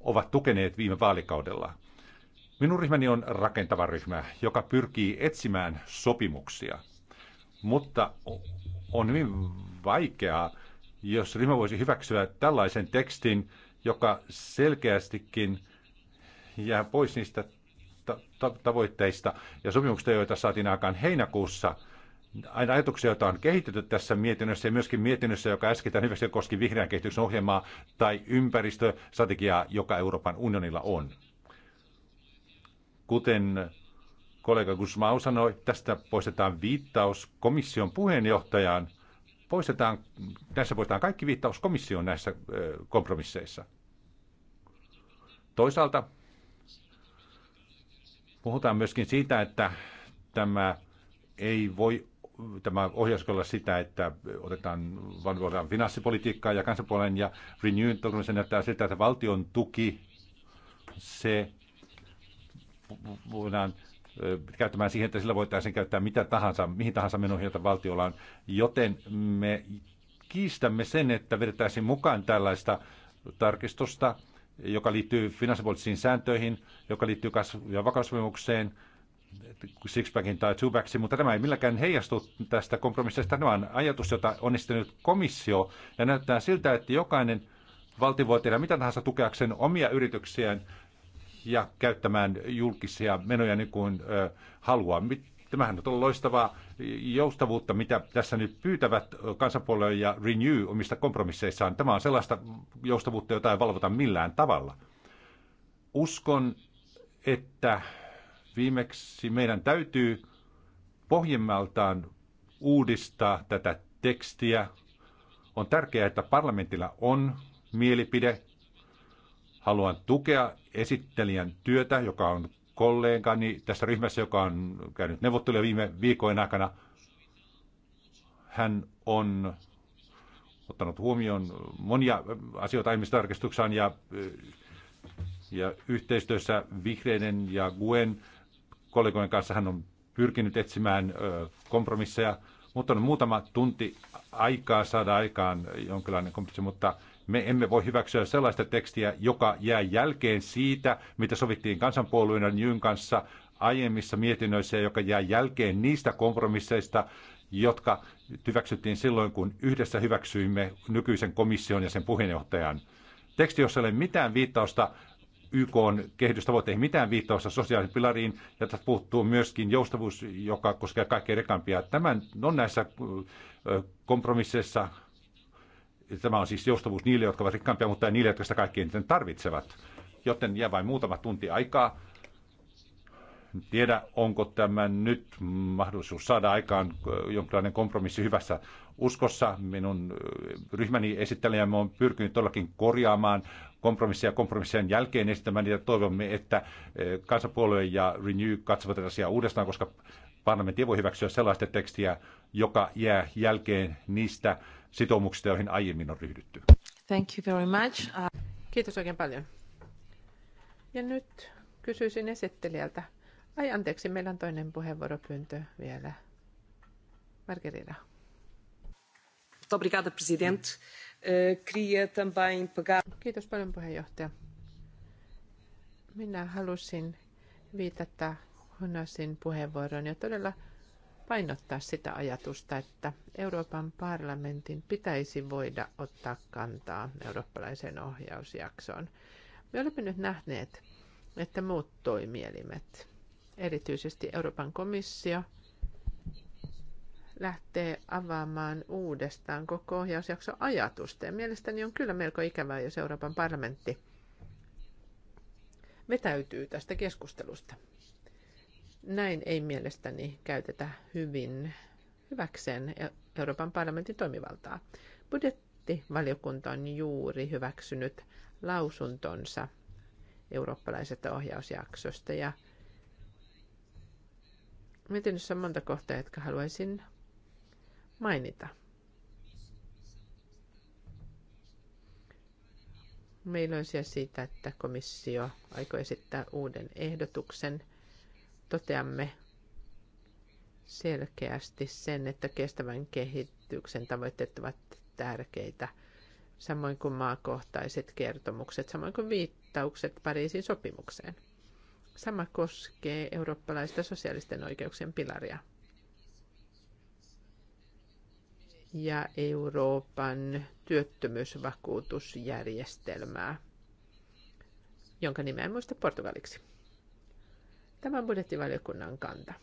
ovat tukeneet viime vaalikaudella. Minun ryhmäni on rakentava ryhmä, joka pyrkii etsimään sopimuksia. Mutta on hyvin vaikeaa, jos ryhmä voisi hyväksyä tällaisen tekstin, joka selkeästikin jää pois niistä tavoitteista ja sopimuksista, joita saatiin aikaan heinäkuussa – ajatuksia, joita on kehitetty tässä mietinnössä ja myöskin mietinnössä, joka äsken hyvästi koski vihreän kehityksen ohjelmaa tai ympäristöstrategiaa, joka Euroopan unionilla on. Kuten kollega Gusmau sanoi, tästä poistetaan viittaus komission puheenjohtajaan. Poistetaan, näissä poistetaan kaikki viittaus komission näissä kompromisseissa. Toisaalta puhutaan myöskin siitä, että tämä ei voi tämä olla sitä, että otetaan vanvoidaan finanssipolitiikkaa ja kansanpuolen ja Renew, se näyttää siltä, että valtion tuki, se voidaan käyttämään siihen, että sillä voitaisiin käyttää mitä tahansa, mihin tahansa menoihin, joita valtiolla on. Joten me kiistämme sen, että vedettäisiin mukaan tällaista tarkistusta, joka liittyy finanssipoliittisiin sääntöihin, joka liittyy kasvu- ja vakausvoimukseen, Sixpackin tai Twopacksin, mutta tämä ei milläkään heijastu tästä kompromissista. Tämä on ajatus, jota onnistunut komissio, ja näyttää siltä, että jokainen valtio voi tehdä mitä tahansa tukeakseen omia yrityksiään ja käyttämään julkisia menoja niin kuin ö, haluaa. Tämähän on loistavaa joustavuutta, mitä tässä nyt pyytävät kansanpuolue ja Renew omista kompromisseissaan. Tämä on sellaista joustavuutta, jota ei valvota millään tavalla. Uskon, että Viimeksi meidän täytyy pohjimmaltaan uudistaa tätä tekstiä. On tärkeää, että parlamentilla on mielipide. Haluan tukea esittelijän työtä, joka on kollegani tässä ryhmässä, joka on käynyt neuvotteluja viime viikkojen aikana. Hän on ottanut huomioon monia asioita aiemmissa ja, ja yhteistyössä vihreiden ja Guen kollegojen kanssa hän on pyrkinyt etsimään kompromisseja, mutta on muutama tunti aikaa saada aikaan jonkinlainen kompromissi, mutta me emme voi hyväksyä sellaista tekstiä, joka jää jälkeen siitä, mitä sovittiin kansanpuolueen Jyn kanssa aiemmissa mietinnöissä, joka jää jälkeen niistä kompromisseista, jotka hyväksyttiin silloin, kun yhdessä hyväksyimme nykyisen komission ja sen puheenjohtajan. Teksti, jossa ei ole mitään viittausta YK on kehitystavoitteihin mitään viittausta sosiaalisen pilariin, ja tästä puuttuu myöskin joustavuus, joka koskee kaikkea rekampia. Tämän on näissä kompromisseissa, tämä on siis joustavuus niille, jotka ovat rikkaampia, mutta ei niille, jotka sitä kaikkein eniten tarvitsevat. Joten jää vain muutama tunti aikaa. En tiedä, onko tämä nyt mahdollisuus saada aikaan jonkinlainen kompromissi hyvässä uskossa. Minun ryhmäni esittelijämme on pyrkinyt todellakin korjaamaan kompromisseja kompromissien jälkeen esittämään, ja niin toivomme, että eh, kansapuolue ja Renew katsovat tätä asiaa uudestaan, koska parlamentti ei voi hyväksyä sellaista tekstiä, joka jää jälkeen niistä sitoumuksista, joihin aiemmin on ryhdytty. Thank you very much. Uh, Kiitos oikein paljon. Ja nyt kysyisin esittelijältä. Ai anteeksi, meillä on toinen puheenvuoropyyntö vielä. Margarita. Obrigada, presidente. Eh, Kiitos paljon puheenjohtaja. Minä halusin viitata Honasin puheenvuoroon ja todella painottaa sitä ajatusta, että Euroopan parlamentin pitäisi voida ottaa kantaa eurooppalaiseen ohjausjaksoon. Me olemme nyt nähneet, että muut toimielimet, erityisesti Euroopan komissio, lähtee avaamaan uudestaan koko ohjausjakso ajatusta. Ja mielestäni on kyllä melko ikävää, jos Euroopan parlamentti vetäytyy tästä keskustelusta. Näin ei mielestäni käytetä hyvin hyväkseen e- Euroopan parlamentin toimivaltaa. Budjettivaliokunta on juuri hyväksynyt lausuntonsa eurooppalaisesta ohjausjaksosta ja mietinnössä on monta kohtaa, jotka haluaisin mainita. Meillä on siellä siitä, että komissio aikoo esittää uuden ehdotuksen. Toteamme selkeästi sen, että kestävän kehityksen tavoitteet ovat tärkeitä, samoin kuin maakohtaiset kertomukset, samoin kuin viittaukset Pariisin sopimukseen. Sama koskee eurooppalaista sosiaalisten oikeuksien pilaria. ja Euroopan työttömyysvakuutusjärjestelmää, jonka nimeä en muista portugaliksi. Tämä on budjettivaliokunnan kanta,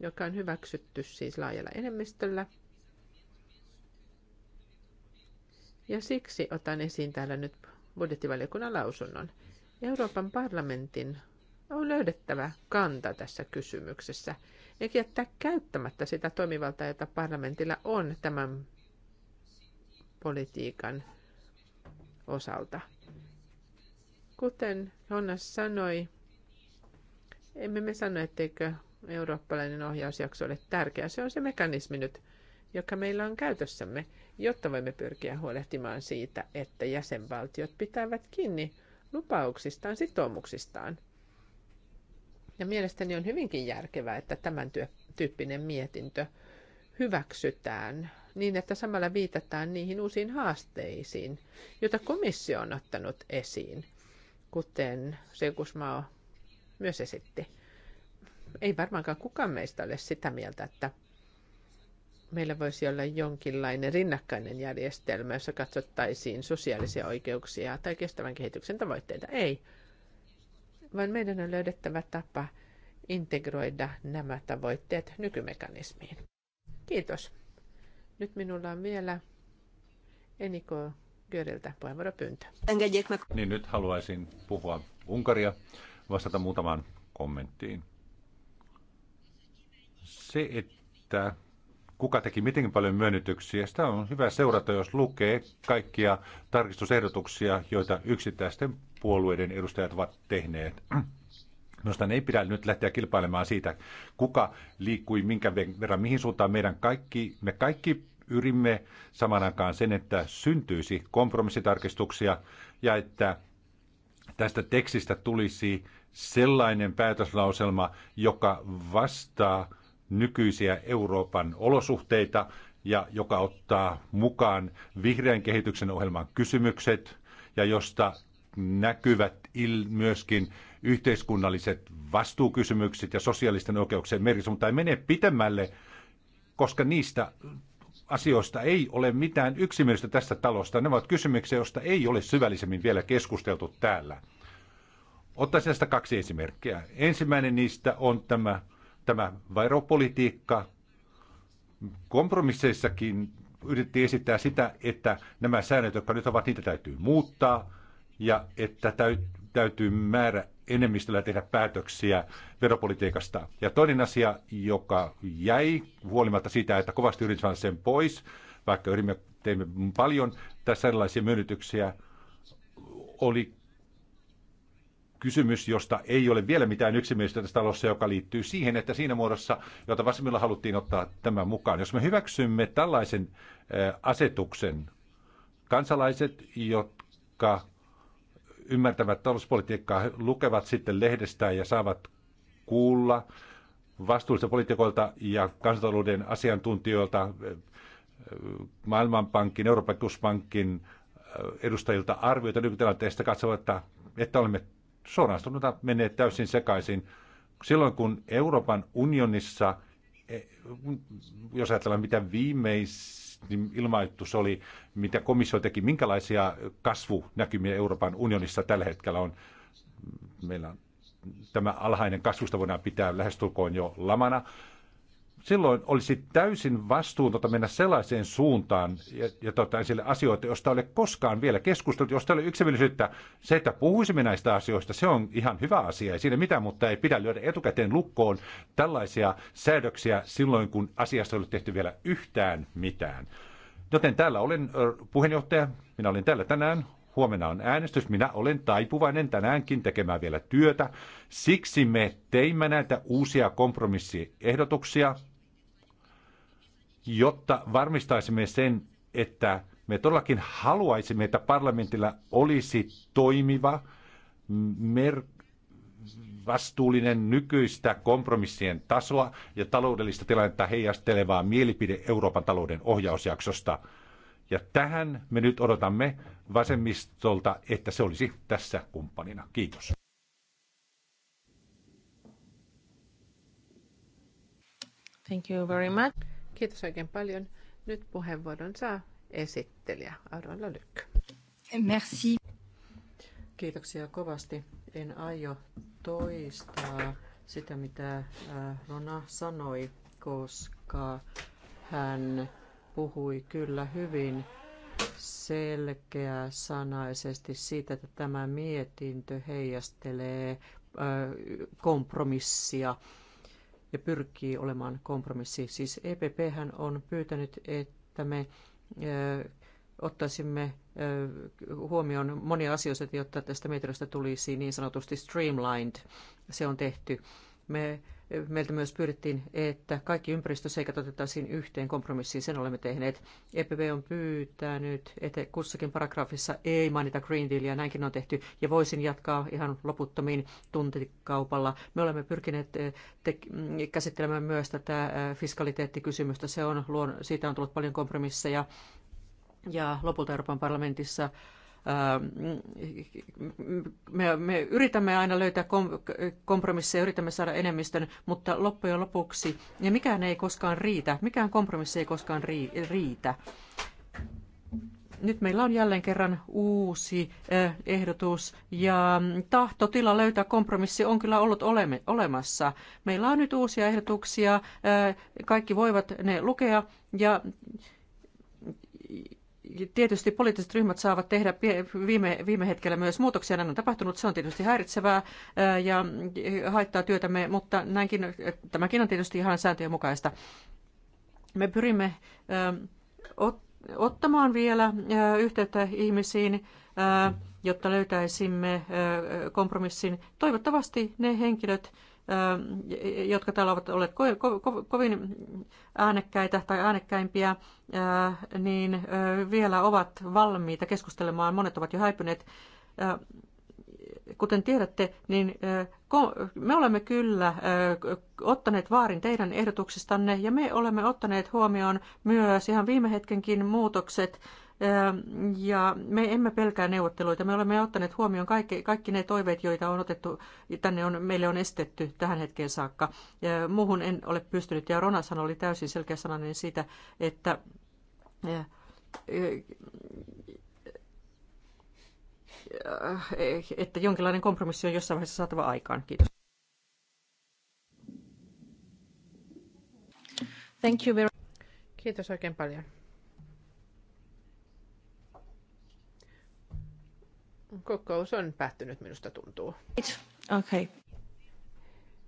joka on hyväksytty siis laajalla enemmistöllä. Ja siksi otan esiin täällä nyt budjettivaliokunnan lausunnon. Euroopan parlamentin on löydettävä kanta tässä kysymyksessä – ja jättää käyttämättä sitä toimivaltaa, jota parlamentilla on tämän politiikan osalta. Kuten Jonas sanoi, emme me sano, etteikö eurooppalainen ohjausjakso ole tärkeä. Se on se mekanismi nyt, joka meillä on käytössämme, jotta voimme pyrkiä huolehtimaan siitä, että jäsenvaltiot pitävät kiinni lupauksistaan, sitoumuksistaan – ja mielestäni on hyvinkin järkevää, että tämän tyyppinen mietintö hyväksytään niin, että samalla viitataan niihin uusiin haasteisiin, joita komissio on ottanut esiin, kuten Sekusmaa myös esitti. Ei varmaankaan kukaan meistä ole sitä mieltä, että meillä voisi olla jonkinlainen rinnakkainen järjestelmä, jossa katsottaisiin sosiaalisia oikeuksia tai kestävän kehityksen tavoitteita. Ei vaan meidän on löydettävä tapa integroida nämä tavoitteet nykymekanismiin. Kiitos. Nyt minulla on vielä Eniko Göriltä puheenvuoropyyntö. Niin nyt haluaisin puhua Unkaria, vastata muutamaan kommenttiin. Se, että kuka teki miten paljon myönnytyksiä, sitä on hyvä seurata, jos lukee kaikkia tarkistusehdotuksia, joita yksittäisten puolueiden edustajat ovat tehneet. Minusta ei pidä nyt lähteä kilpailemaan siitä, kuka liikkui minkä verran, mihin suuntaan meidän kaikki, me kaikki yrimme saman aikaan sen, että syntyisi kompromissitarkistuksia ja että tästä tekstistä tulisi sellainen päätöslauselma, joka vastaa nykyisiä Euroopan olosuhteita ja joka ottaa mukaan vihreän kehityksen ohjelman kysymykset ja josta näkyvät il, myöskin yhteiskunnalliset vastuukysymykset ja sosiaalisten oikeuksien merkitys, mutta ei mene pitemmälle, koska niistä asioista ei ole mitään yksimielistä tästä talosta. Ne ovat kysymyksiä, joista ei ole syvällisemmin vielä keskusteltu täällä. Ottaisin tästä kaksi esimerkkiä. Ensimmäinen niistä on tämä, tämä vairopolitiikka. Kompromisseissakin yritettiin esittää sitä, että nämä säännöt, jotka nyt ovat, niitä täytyy muuttaa – ja että täytyy määrä enemmistöllä tehdä päätöksiä veropolitiikasta. Ja toinen asia, joka jäi huolimatta siitä, että kovasti yritimme sen pois, vaikka yritimme teimme paljon tässä erilaisia myönnytyksiä, oli kysymys, josta ei ole vielä mitään yksimielistä tässä talossa, joka liittyy siihen, että siinä muodossa, jota vasemmilla haluttiin ottaa tämän mukaan. Jos me hyväksymme tällaisen asetuksen, kansalaiset, jotka ymmärtävät talouspolitiikkaa lukevat sitten lehdestä ja saavat kuulla vastuullisilta poliitikoilta ja kansantalouden asiantuntijoilta, eh, Maailmanpankin, Euroopan keskuspankin eh, edustajilta arvioita nykytilanteesta katsovat, että, että olemme suoraan menneet täysin sekaisin. Silloin kun Euroopan unionissa, eh, jos ajatellaan mitä viimeis niin ilmaittu oli, mitä komissio teki, minkälaisia kasvunäkymiä Euroopan unionissa tällä hetkellä on. Meillä on tämä alhainen kasvusta voidaan pitää lähestulkoon jo lamana silloin olisi täysin vastuutonta mennä sellaiseen suuntaan ja, ja tota, sille asioita, joista ei ole koskaan vielä keskusteltu, josta ei ole yksimielisyyttä. Se, että puhuisimme näistä asioista, se on ihan hyvä asia, ei siinä mitään, mutta ei pidä lyödä etukäteen lukkoon tällaisia säädöksiä silloin, kun asiasta ei ole tehty vielä yhtään mitään. Joten täällä olen puheenjohtaja, minä olin täällä tänään, huomenna on äänestys. Minä olen taipuvainen tänäänkin tekemään vielä työtä. Siksi me teimme näitä uusia kompromissiehdotuksia jotta varmistaisimme sen, että me todellakin haluaisimme, että parlamentilla olisi toimiva, mer- vastuullinen nykyistä kompromissien tasoa ja taloudellista tilannetta heijastelevaa mielipide Euroopan talouden ohjausjaksosta. Ja tähän me nyt odotamme vasemmistolta, että se olisi tässä kumppanina. Kiitos. Thank you very much. Kiitos oikein paljon. Nyt puheenvuoron saa esittelijä Arola Lykkö. Merci. Kiitoksia kovasti. En aio toistaa sitä, mitä äh, Rona sanoi, koska hän puhui kyllä hyvin selkeä siitä, että tämä mietintö heijastelee äh, kompromissia ja pyrkii olemaan kompromissi. Siis EPP on pyytänyt, että me ottaisimme huomioon monia asioita, jotta tästä metrosta tulisi niin sanotusti streamlined. Se on tehty. Me meiltä myös pyrittiin, että kaikki ympäristöseikat otettaisiin yhteen kompromissiin. Sen olemme tehneet. EPV on pyytänyt, että kussakin paragrafissa ei mainita Green Dealia. Näinkin on tehty. Ja voisin jatkaa ihan loputtomiin tuntikaupalla. Me olemme pyrkineet eh, te- mm, käsittelemään myös tätä eh, fiskaliteettikysymystä. Se on, siitä on tullut paljon kompromisseja. Ja lopulta Euroopan parlamentissa Mm, me, me yritämme aina löytää kompromisseja, yritämme saada enemmistön, mutta loppujen lopuksi ja mikään ei koskaan riitä, mikään kompromissi ei koskaan riitä. Nyt meillä on jälleen kerran uusi ehdotus ja tahtotila löytää kompromissi on kyllä ollut olemassa. Meillä on nyt uusia ehdotuksia, kaikki voivat ne lukea ja tietysti poliittiset ryhmät saavat tehdä viime, viime hetkellä myös muutoksia. Näin on tapahtunut, se on tietysti häiritsevää ja haittaa työtämme, mutta näinkin, tämäkin on tietysti ihan sääntöjen mukaista. Me pyrimme ottamaan vielä yhteyttä ihmisiin, jotta löytäisimme kompromissin. Toivottavasti ne henkilöt, jotka täällä ovat olleet kovin äänekkäitä tai äänekkäimpiä, niin vielä ovat valmiita keskustelemaan. Monet ovat jo häipyneet. Kuten tiedätte, niin me olemme kyllä ottaneet vaarin teidän ehdotuksistanne ja me olemme ottaneet huomioon myös ihan viime hetkenkin muutokset ja me emme pelkää neuvotteluita. Me olemme ottaneet huomioon kaikki, kaikki ne toiveet, joita on otettu, tänne on, meille on estetty tähän hetkeen saakka. Ja muuhun en ole pystynyt. Ja Ronashan oli täysin selkeä sananen siitä, että että jonkinlainen kompromissi on jossain vaiheessa saatava aikaan. Kiitos. Thank you very... Kiitos oikein paljon. Kokous on päättynyt, minusta tuntuu. Okay.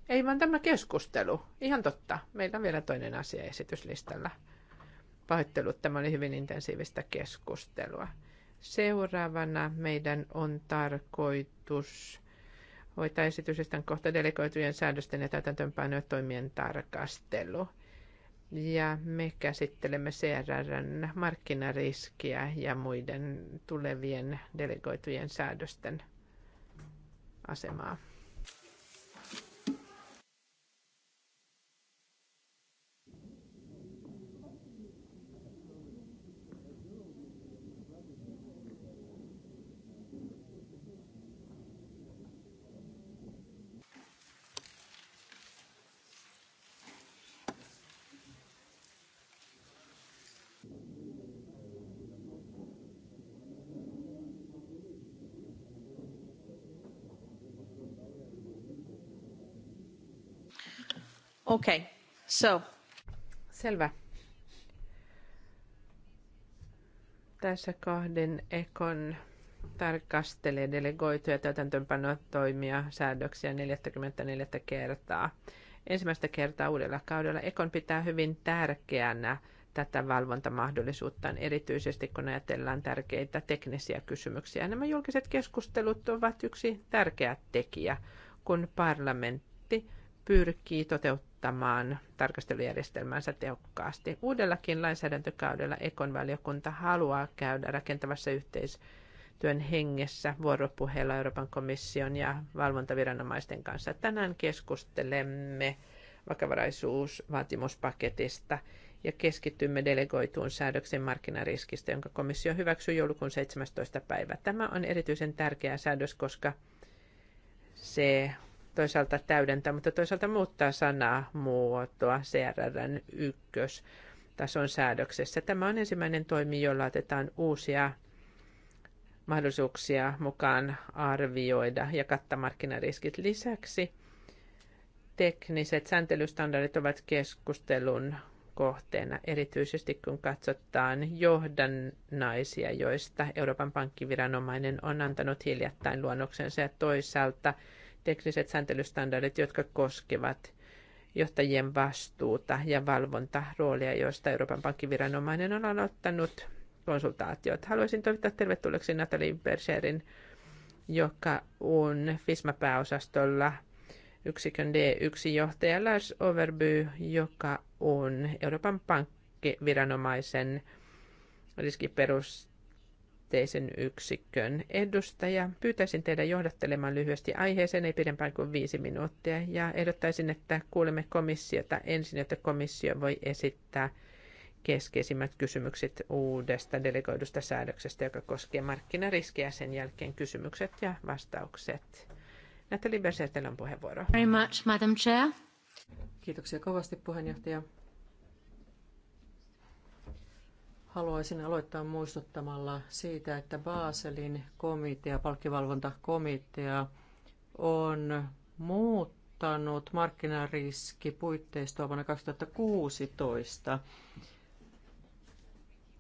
Ei vaan tämä keskustelu. Ihan totta. Meillä on vielä toinen asia esityslistalla. Pahoittelut, tämä oli hyvin intensiivistä keskustelua. Seuraavana meidän on tarkoitus hoitaa esityslistan kohta delegoitujen säädösten ja toimien tarkastelu ja me käsittelemme CRRn markkinariskiä ja muiden tulevien delegoitujen säädösten asemaa. Okay. So. Selvä. Tässä kahden ekon tarkastelee delegoituja täytäntöönpanotoimia säädöksiä 44 kertaa. Ensimmäistä kertaa uudella kaudella Ekon pitää hyvin tärkeänä tätä valvontamahdollisuutta erityisesti kun ajatellaan tärkeitä teknisiä kysymyksiä. Nämä julkiset keskustelut ovat yksi tärkeä tekijä, kun parlamentti pyrkii toteuttamaan toteuttamaan tarkastelujärjestelmänsä tehokkaasti. Uudellakin lainsäädäntökaudella Ekon valiokunta haluaa käydä rakentavassa yhteistyön hengessä vuoropuheella Euroopan komission ja valvontaviranomaisten kanssa. Tänään keskustelemme vakavaraisuusvaatimuspaketista ja keskittymme delegoituun säädöksen markkinariskistä, jonka komissio hyväksyi joulukuun 17. päivä. Tämä on erityisen tärkeä säädös, koska se toisaalta täydentää, mutta toisaalta muuttaa sanaa muotoa CRRn ykkös tason säädöksessä. Tämä on ensimmäinen toimi, jolla otetaan uusia mahdollisuuksia mukaan arvioida ja kattaa markkinariskit lisäksi. Tekniset sääntelystandardit ovat keskustelun kohteena, erityisesti kun katsotaan johdannaisia, joista Euroopan pankkiviranomainen on antanut hiljattain luonnoksensa ja toisaalta – tekniset sääntelystandardit, jotka koskevat johtajien vastuuta ja valvontaroolia, joista Euroopan pankkiviranomainen on aloittanut konsultaatiot. Haluaisin toivottaa tervetulleeksi Natalie Bergerin, joka on FISMA-pääosastolla yksikön D1-johtaja Lars Overby, joka on Euroopan pankkiviranomaisen riskiperus yhteisen yksikön edustaja. Pyytäisin teidän johdattelemaan lyhyesti aiheeseen, ei pidempään kuin viisi minuuttia, ja ehdottaisin, että kuulemme komissiota ensin, jotta komissio voi esittää keskeisimmät kysymykset uudesta delegoidusta säädöksestä, joka koskee markkinariskejä sen jälkeen kysymykset ja vastaukset. Natalie Berser, on puheenvuoro. Very much, Madam Chair. Kiitoksia kovasti puheenjohtaja. Haluaisin aloittaa muistuttamalla siitä, että Baselin komitea, palkkivalvontakomitea, on muuttanut markkinariskipuitteistoa vuonna 2016.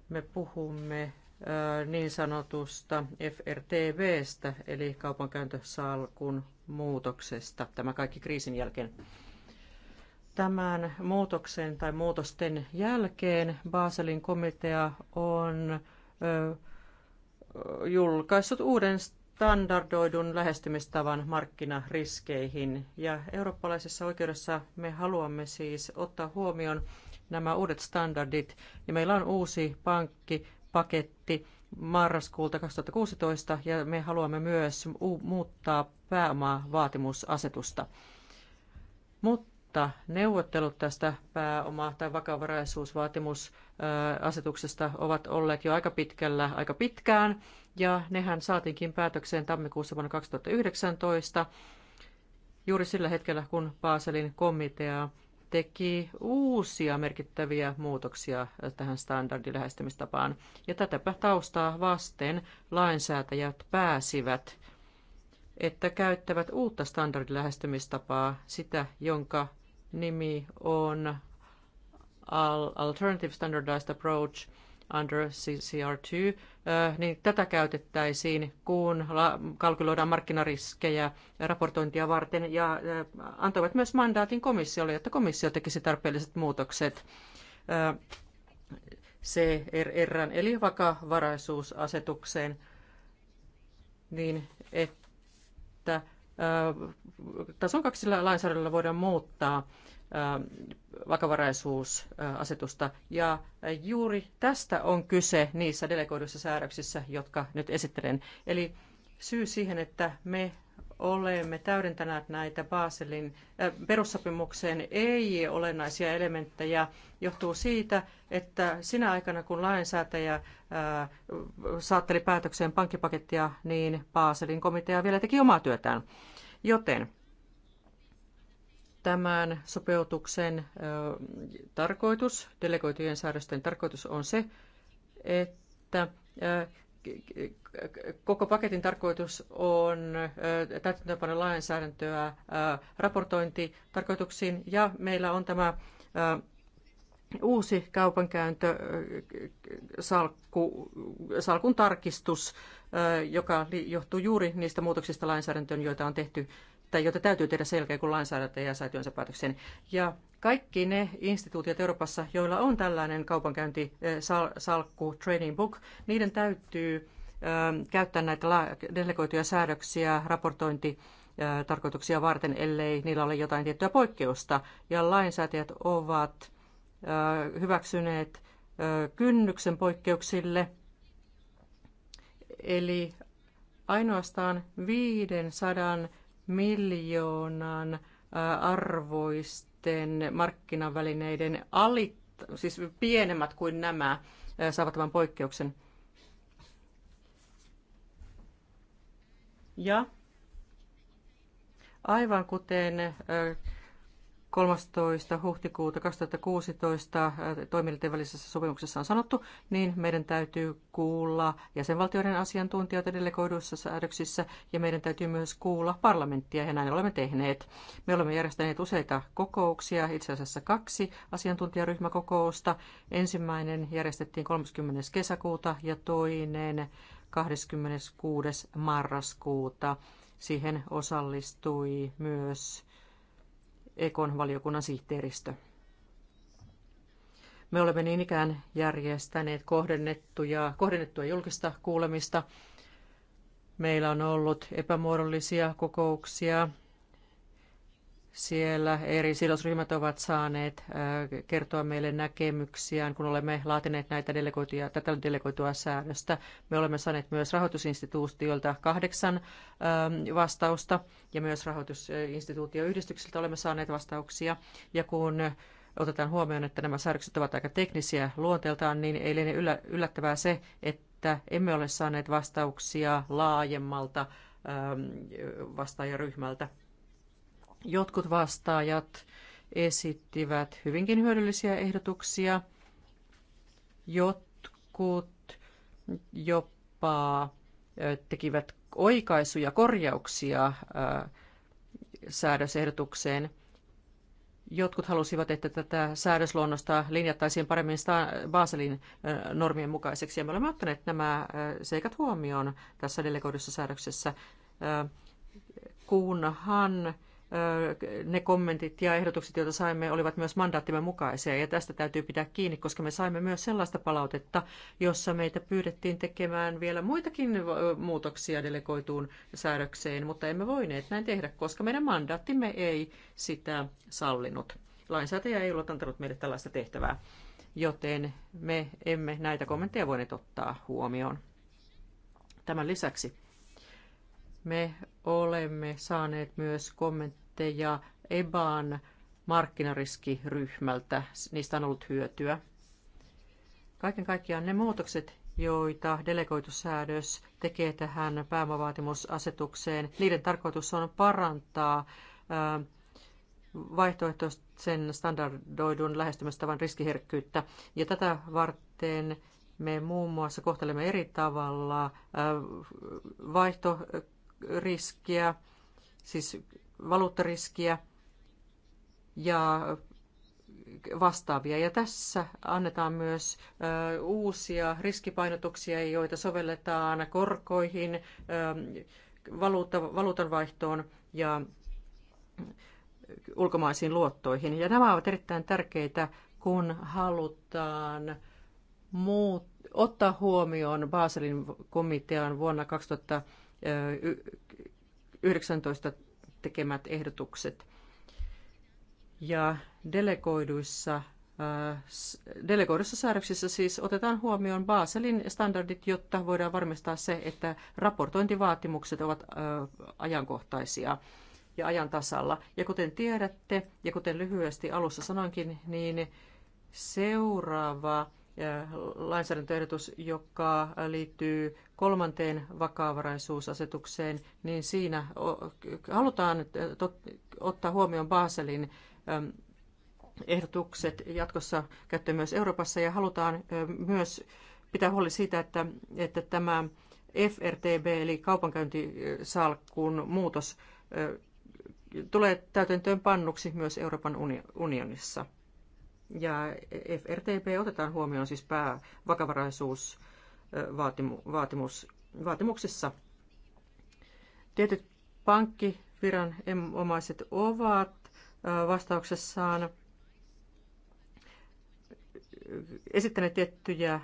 Me puhumme niin sanotusta FRTVstä, eli kaupankäyntösalkun muutoksesta, tämä kaikki kriisin jälkeen. Tämän muutoksen tai muutosten jälkeen Baselin komitea on ö, julkaissut uuden standardoidun lähestymistavan markkinariskeihin. Ja eurooppalaisessa oikeudessa me haluamme siis ottaa huomioon nämä uudet standardit. Ja meillä on uusi pankkipaketti marraskuulta 2016 ja me haluamme myös muuttaa pääomavaatimusasetusta. Mutta mutta neuvottelut tästä pääoma- tai vakavaraisuusvaatimusasetuksesta ovat olleet jo aika pitkällä aika pitkään, ja nehän saatiinkin päätökseen tammikuussa vuonna 2019, juuri sillä hetkellä, kun Baselin komitea teki uusia merkittäviä muutoksia tähän standardilähestymistapaan. Ja tätäpä taustaa vasten lainsäätäjät pääsivät, että käyttävät uutta standardilähestymistapaa, sitä jonka nimi on Alternative Standardized Approach under CCR2, äh, niin tätä käytettäisiin, kun kalkyloidaan markkinariskejä raportointia varten ja äh, antoivat myös mandaatin komissiolle, jotta komissio tekisi tarpeelliset muutokset CRR äh, er-, eli vakavaraisuusasetukseen niin, että tason kaksilla lainsäädännöllä voidaan muuttaa vakavaraisuusasetusta. Ja juuri tästä on kyse niissä delegoiduissa säädöksissä, jotka nyt esittelen. Eli syy siihen, että me olemme täydentäneet näitä Baselin äh, perussopimukseen ei-olennaisia elementtejä johtuu siitä, että sinä aikana kun lainsäätäjä äh, saatteli päätökseen pankkipakettia, niin Baselin komitea vielä teki omaa työtään. Joten tämän sopeutuksen äh, tarkoitus, delegoitujen säädösten tarkoitus on se, että koko paketin tarkoitus on täytäntöönpanon lainsäädäntöä raportointitarkoituksiin ja meillä on tämä uusi kaupankäyntö salkku, salkun tarkistus, joka johtuu juuri niistä muutoksista lainsäädäntöön, joita on tehty tai jota täytyy tehdä selkeä jälkeen, kun lainsäädäntäjä sai työnsä päätöksen. Ja kaikki ne instituutiot Euroopassa, joilla on tällainen eh, salkku training book, niiden täytyy eh, käyttää näitä delegoituja säädöksiä, raportointi, eh, tarkoituksia varten, ellei niillä ole jotain tiettyä poikkeusta. Ja lainsäätäjät ovat hyväksyneet kynnyksen poikkeuksille, eli ainoastaan 500 miljoonan arvoisten markkinavälineiden alit, siis pienemmät kuin nämä saavat tämän poikkeuksen. Ja aivan kuten 13. huhtikuuta 2016 äh, toimijoiden välisessä sopimuksessa on sanottu, niin meidän täytyy kuulla jäsenvaltioiden asiantuntijoita delegoiduissa säädöksissä ja meidän täytyy myös kuulla parlamenttia ja näin olemme tehneet. Me olemme järjestäneet useita kokouksia, itse asiassa kaksi asiantuntijaryhmäkokousta. Ensimmäinen järjestettiin 30. kesäkuuta ja toinen 26. marraskuuta. Siihen osallistui myös Ekon valiokunnan sihteeristö. Me olemme niin ikään järjestäneet kohdennettuja, kohdennettua julkista kuulemista. Meillä on ollut epämuodollisia kokouksia siellä eri sidosryhmät ovat saaneet äh, kertoa meille näkemyksiään, kun olemme laatineet näitä delegoituja, tätä delegoitua säädöstä. Me olemme saaneet myös rahoitusinstituutioilta kahdeksan ähm, vastausta ja myös rahoitusinstituutioyhdistyksiltä olemme saaneet vastauksia. Ja kun otetaan huomioon, että nämä säädökset ovat aika teknisiä luonteeltaan, niin ei liene yllättävää se, että emme ole saaneet vastauksia laajemmalta ähm, vastaajaryhmältä. Jotkut vastaajat esittivät hyvinkin hyödyllisiä ehdotuksia, jotkut jopa tekivät oikaisuja, korjauksia säädösehdotukseen. Jotkut halusivat, että tätä säädösluonnosta linjattaisiin paremmin Baselin normien mukaiseksi, ja me olemme ottaneet nämä seikat huomioon tässä delegoidussa säädöksessä, kunhan ne kommentit ja ehdotukset, joita saimme, olivat myös mandaattimme mukaisia ja tästä täytyy pitää kiinni, koska me saimme myös sellaista palautetta, jossa meitä pyydettiin tekemään vielä muitakin muutoksia delegoituun säädökseen, mutta emme voineet näin tehdä, koska meidän mandaattimme ei sitä sallinut. Lainsäätäjä ei ollut antanut meille tällaista tehtävää, joten me emme näitä kommentteja voineet ottaa huomioon. Tämän lisäksi me olemme saaneet myös kommentteja EBAN markkinariskiryhmältä. Niistä on ollut hyötyä. Kaiken kaikkiaan ne muutokset, joita delegoitu tekee tähän pääomavaatimusasetukseen, niiden tarkoitus on parantaa vaihtoehtoisen standardoidun lähestymistavan riskiherkkyyttä. Ja tätä varten me muun muassa kohtelemme eri tavalla vaihto riskiä, siis valuuttariskiä ja vastaavia. Ja tässä annetaan myös uusia riskipainotuksia, joita sovelletaan korkoihin, valuutta, valuutanvaihtoon ja ulkomaisiin luottoihin. Ja nämä ovat erittäin tärkeitä, kun halutaan muut, ottaa huomioon Baselin komitean vuonna 2000 19 tekemät ehdotukset. Ja delegoiduissa Delegoidussa säädöksissä siis otetaan huomioon Baselin standardit, jotta voidaan varmistaa se, että raportointivaatimukset ovat ajankohtaisia ja ajan tasalla. Ja kuten tiedätte, ja kuten lyhyesti alussa sanoinkin, niin seuraava lainsäädäntöehdotus, joka liittyy kolmanteen vakavaraisuusasetukseen, niin siinä halutaan ottaa huomioon Baselin ehdotukset jatkossa käyttöön myös Euroopassa ja halutaan myös pitää huoli siitä, että, että tämä FRTB eli kaupankäyntisalkkuun muutos tulee täytäntöön pannuksi myös Euroopan unionissa. Ja FRTP otetaan huomioon siis päävakavaraisuus vaatimuksissa. Tietyt pankkiviranomaiset ovat vastauksessaan esittäneet tiettyjä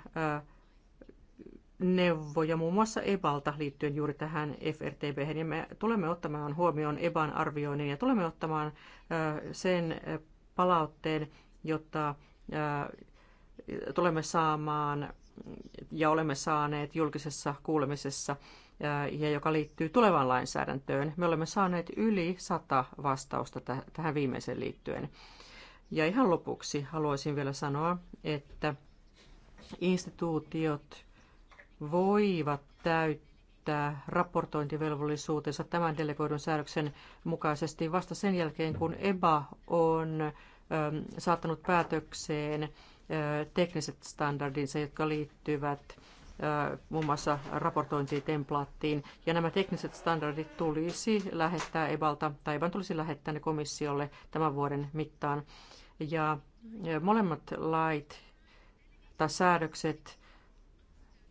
neuvoja muun muassa EBALta liittyen juuri tähän FRTB. Ja me tulemme ottamaan huomioon EBAN arvioinnin ja tulemme ottamaan sen palautteen jotta tulemme saamaan ja olemme saaneet julkisessa kuulemisessa ja joka liittyy tulevaan lainsäädäntöön. Me olemme saaneet yli sata vastausta tähän viimeiseen liittyen. Ja ihan lopuksi haluaisin vielä sanoa, että instituutiot voivat täyttää raportointivelvollisuutensa tämän delegoidun säädöksen mukaisesti vasta sen jälkeen, kun EBA on Ähm, saattanut päätökseen äh, tekniset standardinsa, jotka liittyvät äh, muun muassa raportointiin templaattiin. Ja nämä tekniset standardit tulisi lähettää EBALta, tai EBAN tulisi lähettää ne komissiolle tämän vuoden mittaan. Ja äh, molemmat lait tai säädökset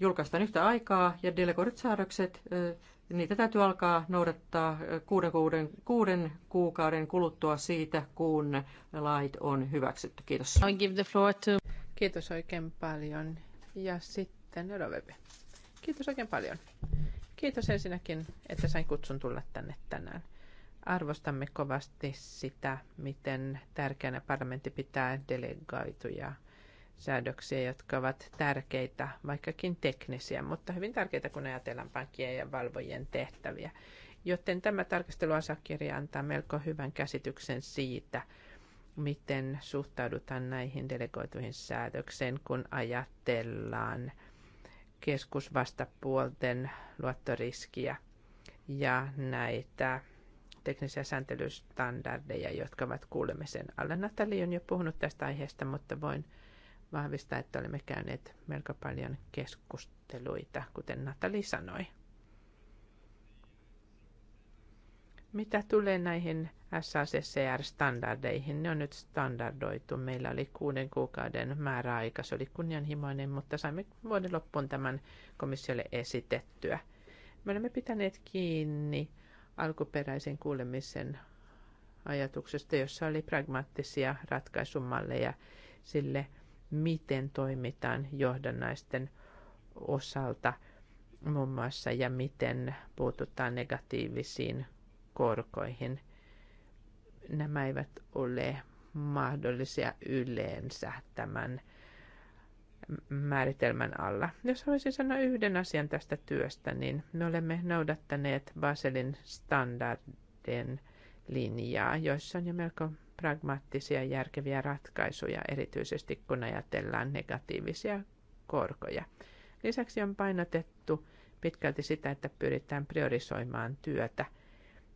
julkaistaan yhtä aikaa ja delegoidut säädökset niitä täytyy alkaa noudattaa kuuden, kuuden, kuuden kuukauden kuluttua siitä, kun lait on hyväksytty. Kiitos. I give the floor to... Kiitos oikein paljon. Ja sitten Rovebe. Kiitos oikein paljon. Kiitos ensinnäkin, että sain kutsun tulla tänne tänään. Arvostamme kovasti sitä, miten tärkeänä parlamentti pitää delegoituja säädöksiä, jotka ovat tärkeitä, vaikkakin teknisiä, mutta hyvin tärkeitä, kun ajatellaan pankkien ja valvojien tehtäviä. Joten tämä tarkasteluasakirja antaa melko hyvän käsityksen siitä, miten suhtaudutaan näihin delegoituihin säädökseen, kun ajatellaan keskusvastapuolten luottoriskiä ja näitä teknisiä sääntelystandardeja, jotka ovat kuulemisen alla. Natali on jo puhunut tästä aiheesta, mutta voin vahvistaa, että olemme käyneet melko paljon keskusteluita, kuten Natali sanoi. Mitä tulee näihin SACCR-standardeihin, ne on nyt standardoitu. Meillä oli kuuden kuukauden määräaika, se oli kunnianhimoinen, mutta saimme vuoden loppuun tämän komissiolle esitettyä. Me olemme pitäneet kiinni alkuperäisen kuulemisen ajatuksesta, jossa oli pragmaattisia ratkaisumalleja sille, miten toimitaan johdannaisten osalta muun mm. muassa ja miten puututaan negatiivisiin korkoihin. Nämä eivät ole mahdollisia yleensä tämän määritelmän alla. Jos haluaisin sanoa yhden asian tästä työstä, niin me olemme noudattaneet Baselin standardien linjaa, joissa on jo melko pragmaattisia järkeviä ratkaisuja, erityisesti kun ajatellaan negatiivisia korkoja. Lisäksi on painotettu pitkälti sitä, että pyritään priorisoimaan työtä.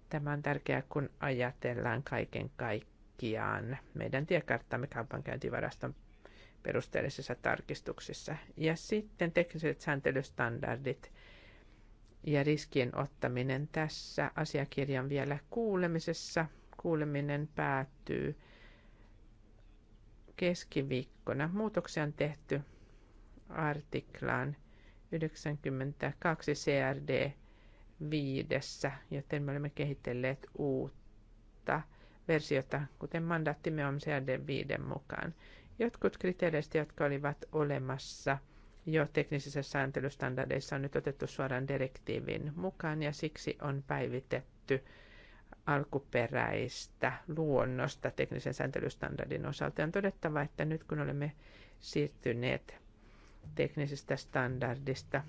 Tämä on tärkeää, kun ajatellaan kaiken kaikkiaan meidän tiekarttamme kaupankäyntivaraston perusteellisissa tarkistuksissa. Ja sitten tekniset sääntelystandardit ja riskien ottaminen tässä asiakirjan vielä kuulemisessa kuuleminen päättyy keskiviikkona. Muutoksia on tehty artiklaan 92 CRD 5, joten me olemme kehitelleet uutta versiota, kuten mandaattimme on CRD 5 mukaan. Jotkut kriteereistä, jotka olivat olemassa jo teknisissä sääntelystandardeissa, on nyt otettu suoraan direktiivin mukaan ja siksi on päivitetty alkuperäistä luonnosta teknisen sääntelystandardin osalta. On todettava, että nyt kun olemme siirtyneet teknisestä standardista,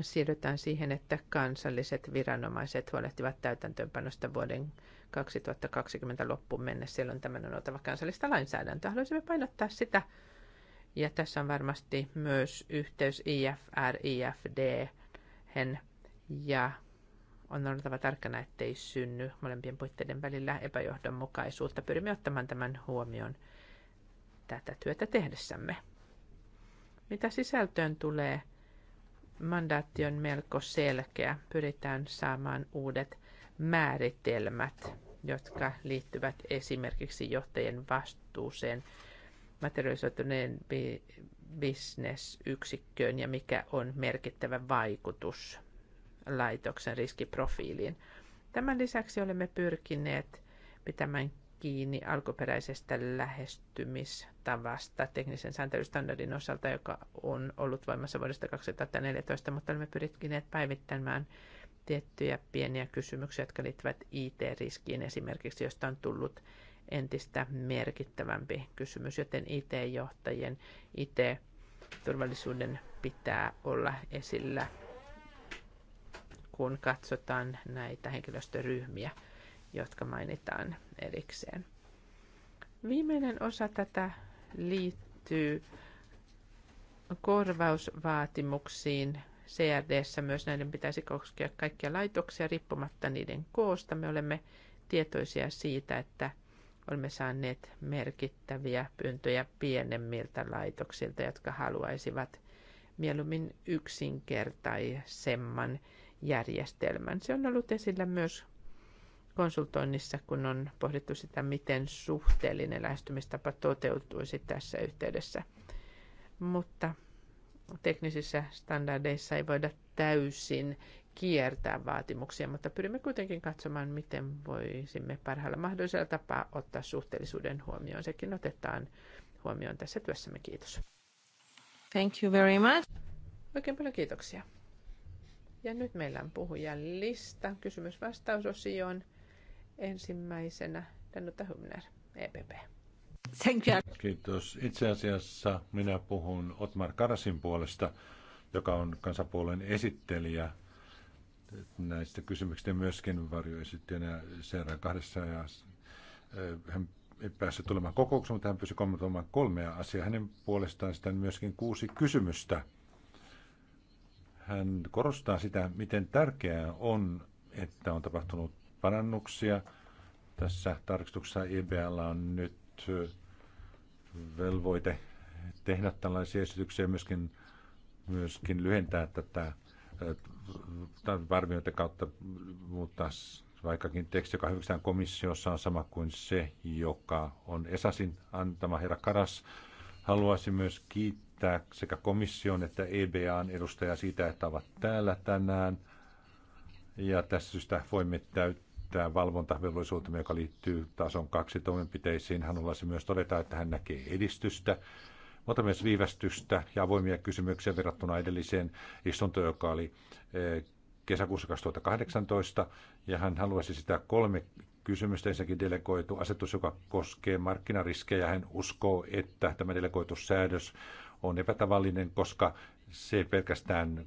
siirrytään siihen, että kansalliset viranomaiset huolehtivat täytäntöönpanosta vuoden 2020 loppuun mennessä. Silloin tämän on oltava kansallista lainsäädäntöä. Haluaisimme painottaa sitä. Ja tässä on varmasti myös yhteys IFR, IFD hen ja on oltava tarkkana, ettei synny molempien puitteiden välillä epäjohdonmukaisuutta. Pyrimme ottamaan tämän huomioon tätä työtä tehdessämme. Mitä sisältöön tulee, mandaatti on melko selkeä. Pyritään saamaan uudet määritelmät, jotka liittyvät esimerkiksi johtajien vastuuseen, materialisoituneen bisnesyksikköön ja mikä on merkittävä vaikutus laitoksen riskiprofiiliin. Tämän lisäksi olemme pyrkineet pitämään kiinni alkuperäisestä lähestymistavasta teknisen sääntelystandardin osalta, joka on ollut voimassa vuodesta 2014, mutta olemme pyrkineet päivittämään tiettyjä pieniä kysymyksiä, jotka liittyvät IT-riskiin esimerkiksi, josta on tullut entistä merkittävämpi kysymys, joten IT-johtajien IT-turvallisuuden pitää olla esillä kun katsotaan näitä henkilöstöryhmiä, jotka mainitaan erikseen. Viimeinen osa tätä liittyy korvausvaatimuksiin. CRDssä myös näiden pitäisi koskea kaikkia laitoksia riippumatta niiden koosta. Me olemme tietoisia siitä, että olemme saaneet merkittäviä pyyntöjä pienemmiltä laitoksilta, jotka haluaisivat mieluummin yksinkertaisemman järjestelmän. Se on ollut esillä myös konsultoinnissa, kun on pohdittu sitä, miten suhteellinen lähestymistapa toteutuisi tässä yhteydessä. Mutta teknisissä standardeissa ei voida täysin kiertää vaatimuksia, mutta pyrimme kuitenkin katsomaan, miten voisimme parhaalla mahdollisella tapaa ottaa suhteellisuuden huomioon. Sekin otetaan huomioon tässä työssämme. Kiitos. Thank you very much. Oikein paljon kiitoksia. Ja nyt meillä on puhujan lista kysymys-vastausosioon. Ensimmäisenä Danuta Hymner, EPP. Thank you. Kiitos. Itse asiassa minä puhun Otmar Karasin puolesta, joka on kansapuolen esittelijä näistä kysymyksistä myöskin varjoesittäjänä CR kahdessa ja eh, hän ei päässyt tulemaan kokoukseen, mutta hän pystyi kommentoimaan kolmea asiaa. Hänen puolestaan sitä myöskin kuusi kysymystä hän korostaa sitä, miten tärkeää on, että on tapahtunut parannuksia. Tässä tarkistuksessa IBL e on nyt velvoite tehdä tällaisia esityksiä myöskin, myöskin lyhentää tätä arviointia kautta, mutta vaikkakin teksti, joka hyväksytään komissiossa, on sama kuin se, joka on Esasin antama herra Karas Haluaisin myös kiittää sekä komission että EBAn edustajaa siitä, että ovat täällä tänään. Ja tästä syystä voimme täyttää valvontavelvollisuutemme, joka liittyy tason kaksi toimenpiteisiin. Hän haluaisi myös todeta, että hän näkee edistystä mutta myös viivästystä ja avoimia kysymyksiä verrattuna edelliseen istuntoon, joka oli eh, kesäkuussa 2018, ja hän haluaisi sitä kolme kysymystä ensinnäkin delegoitu asetus, joka koskee markkinariskejä. Hän uskoo, että tämä delegoitu säädös on epätavallinen, koska se pelkästään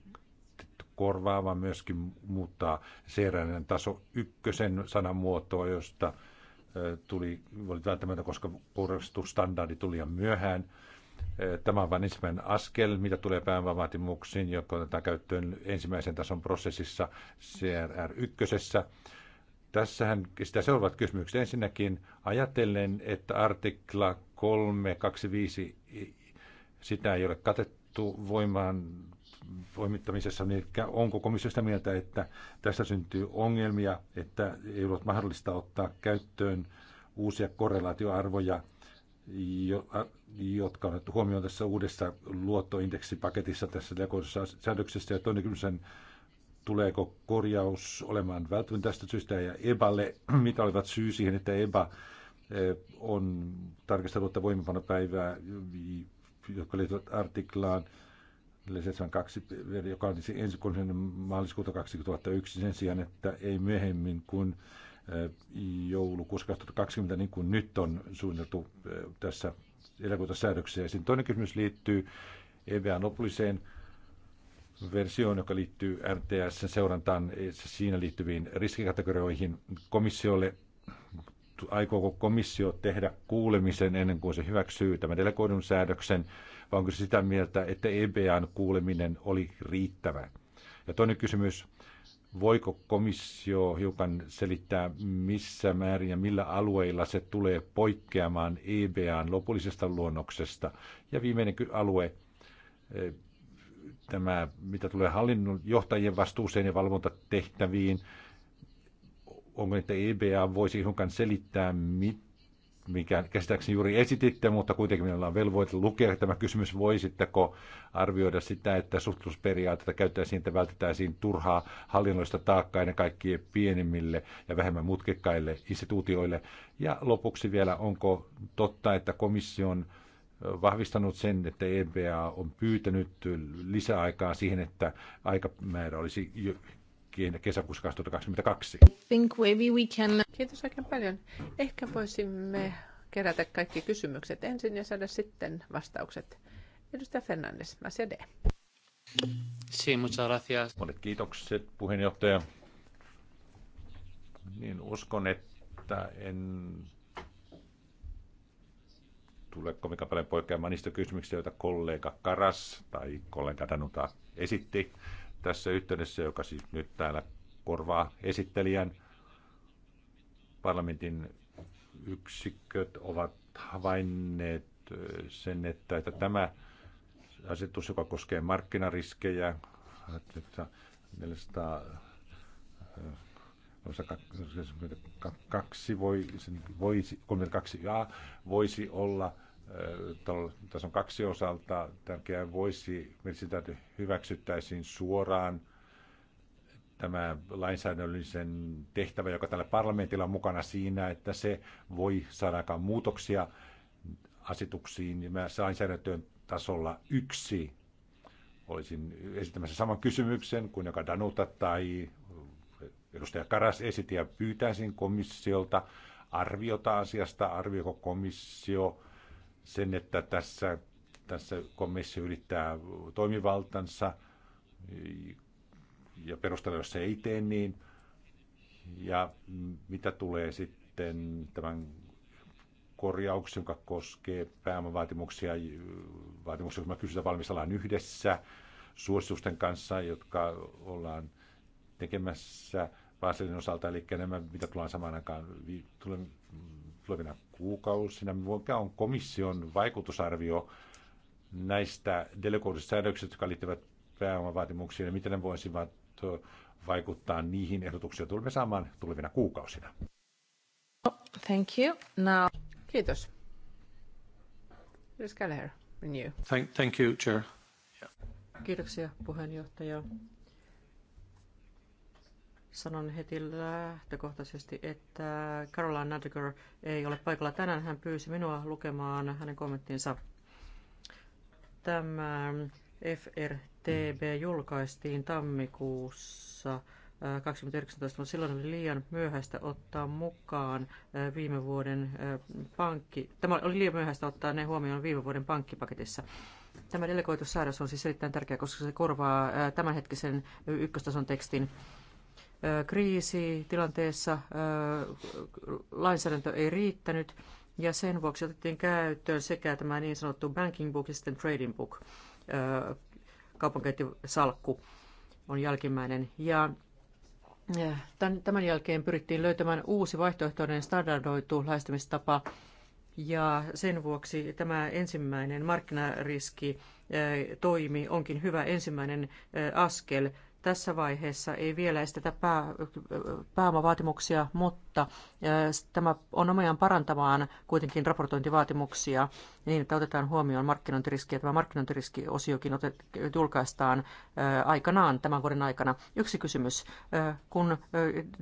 korvaa, vaan myöskin muuttaa CRNn taso ykkösen sanamuotoa, josta tuli, oli välttämättä, koska purrastustandardi tuli liian myöhään. Tämä on vain ensimmäinen askel, mitä tulee pääomavaatimuksiin, jotka otetaan käyttöön ensimmäisen tason prosessissa CRR1. Tässähän sitä seuraavat kysymykset. Ensinnäkin ajatellen, että artikla 325, sitä ei ole katettu voimaan voimittamisessa, niin onko komissio sitä mieltä, että tässä syntyy ongelmia, että ei ole mahdollista ottaa käyttöön uusia korrelaatioarvoja, jotka on otettu huomioon tässä uudessa luottoindeksipaketissa tässä lekoisessa säädöksessä. Ja toinen kysymys tuleeko korjaus olemaan välttämättä tästä syystä ja EBAlle, mitä olivat syy siihen, että EBA eh, on tarkastellut voimapanopäivää, jotka liittyvät artiklaan 72, joka on ensi siis ensi maaliskuuta 2001 sen sijaan, että ei myöhemmin kuin eh, joulukuussa 2020, niin kuin nyt on suunniteltu eh, tässä eläkuutasäädöksessä. Ja toinen kysymys liittyy eba lopulliseen versioon, joka liittyy RTS-seurantaan eh, siinä liittyviin riskikategorioihin komissiolle. Aikooko komissio tehdä kuulemisen ennen kuin se hyväksyy tämän delegoidun säädöksen, vai onko se sitä mieltä, että EBAn kuuleminen oli riittävä? Ja toinen kysymys, voiko komissio hiukan selittää, missä määrin ja millä alueilla se tulee poikkeamaan EBAn lopullisesta luonnoksesta? Ja viimeinen alue, eh, tämä, mitä tulee hallinnon johtajien vastuuseen ja valvontatehtäviin, onko että EBA voisi hiukan selittää, mit, mikä käsittääkseni juuri esititte, mutta kuitenkin meillä on velvoite lukea tämä kysymys. Voisitteko arvioida sitä, että suhteellisuusperiaatetta käyttäisiin, että vältettäisiin turhaa hallinnollista taakkaa ennen kaikkien pienimmille ja vähemmän mutkikkaille instituutioille? Ja lopuksi vielä, onko totta, että komission vahvistanut sen, että EBA on pyytänyt lisäaikaa siihen, että aikamäärä olisi kesäkuussa 2022. Think maybe we can... Kiitos oikein paljon. Ehkä voisimme kerätä kaikki kysymykset ensin ja saada sitten vastaukset. Edustaja Fernandes, D. Sí, muchas gracias. Monet kiitokset, puheenjohtaja. Niin uskon, että en Tuleeko kovinkaan paljon poikkeamaan niistä kysymyksistä, joita kollega Karas tai kollega Danuta esitti tässä yhteydessä, joka siis nyt täällä korvaa esittelijän. Parlamentin yksiköt ovat havainneet sen, että, että tämä asetus, joka koskee markkinariskejä, 422 voi, voisi, voisi olla tässä on kaksi osalta tärkeää voisi, sitä hyväksyttäisiin suoraan tämä lainsäädännöllisen tehtävä, joka tällä parlamentilla on mukana siinä, että se voi saada aikaan muutoksia asetuksiin. Mä lainsäädäntöön tasolla yksi olisin esittämässä saman kysymyksen kuin joka Danuta tai edustaja Karas esitti ja pyytäisin komissiolta arviota asiasta, arvioiko komissio sen, että tässä, tässä komissio yrittää toimivaltansa ja perustella, jos se ei tee niin. Ja mitä tulee sitten tämän korjauksen, joka koskee pääomavaatimuksia, vaatimuksia, jotka kysytään valmistellaan yhdessä suositusten kanssa, jotka ollaan tekemässä Vaselin osalta, eli nämä, mitä tullaan samaan aikaan, tulee tulevina kuukausina, mikä on komission vaikutusarvio näistä delegoidusta säädöksistä, jotka liittyvät pääomavaatimuksiin, ja miten ne voisivat vaikuttaa niihin ehdotuksiin, joita tulemme saamaan tulevina kuukausina. Thank you. Now... Kiitos. Ms. Gallagher, Thank, thank you, Chair. Yeah. Kiitoksia puheenjohtaja. Sanon heti lähtökohtaisesti, että Caroline Nadiger ei ole paikalla. Tänään hän pyysi minua lukemaan hänen kommenttinsa. Tämä FRTB julkaistiin tammikuussa 2019, äh, mutta silloin oli liian myöhäistä ottaa mukaan äh, viime vuoden äh, pankki. Tämä oli liian myöhäistä ottaa ne huomioon viime vuoden pankkipaketissa. Tämä delegoitu on siis erittäin tärkeä, koska se korvaa tämänhetkisen ykköstason tekstin kriisi-tilanteessa lainsäädäntö ei riittänyt ja sen vuoksi otettiin käyttöön sekä tämä niin sanottu banking book ja sitten trading book kaupankäyntisalkku on jälkimmäinen. Ja tämän jälkeen pyrittiin löytämään uusi vaihtoehtoinen standardoitu lähestymistapa ja sen vuoksi tämä ensimmäinen markkinariski toimi onkin hyvä ensimmäinen askel tässä vaiheessa ei vielä estetä pää, pääomavaatimuksia, mutta tämä on omiaan parantamaan kuitenkin raportointivaatimuksia niin, että otetaan huomioon markkinointiriski. Ja tämä markkinointiriskiosiokin julkaistaan aikanaan tämän vuoden aikana. Yksi kysymys. Kun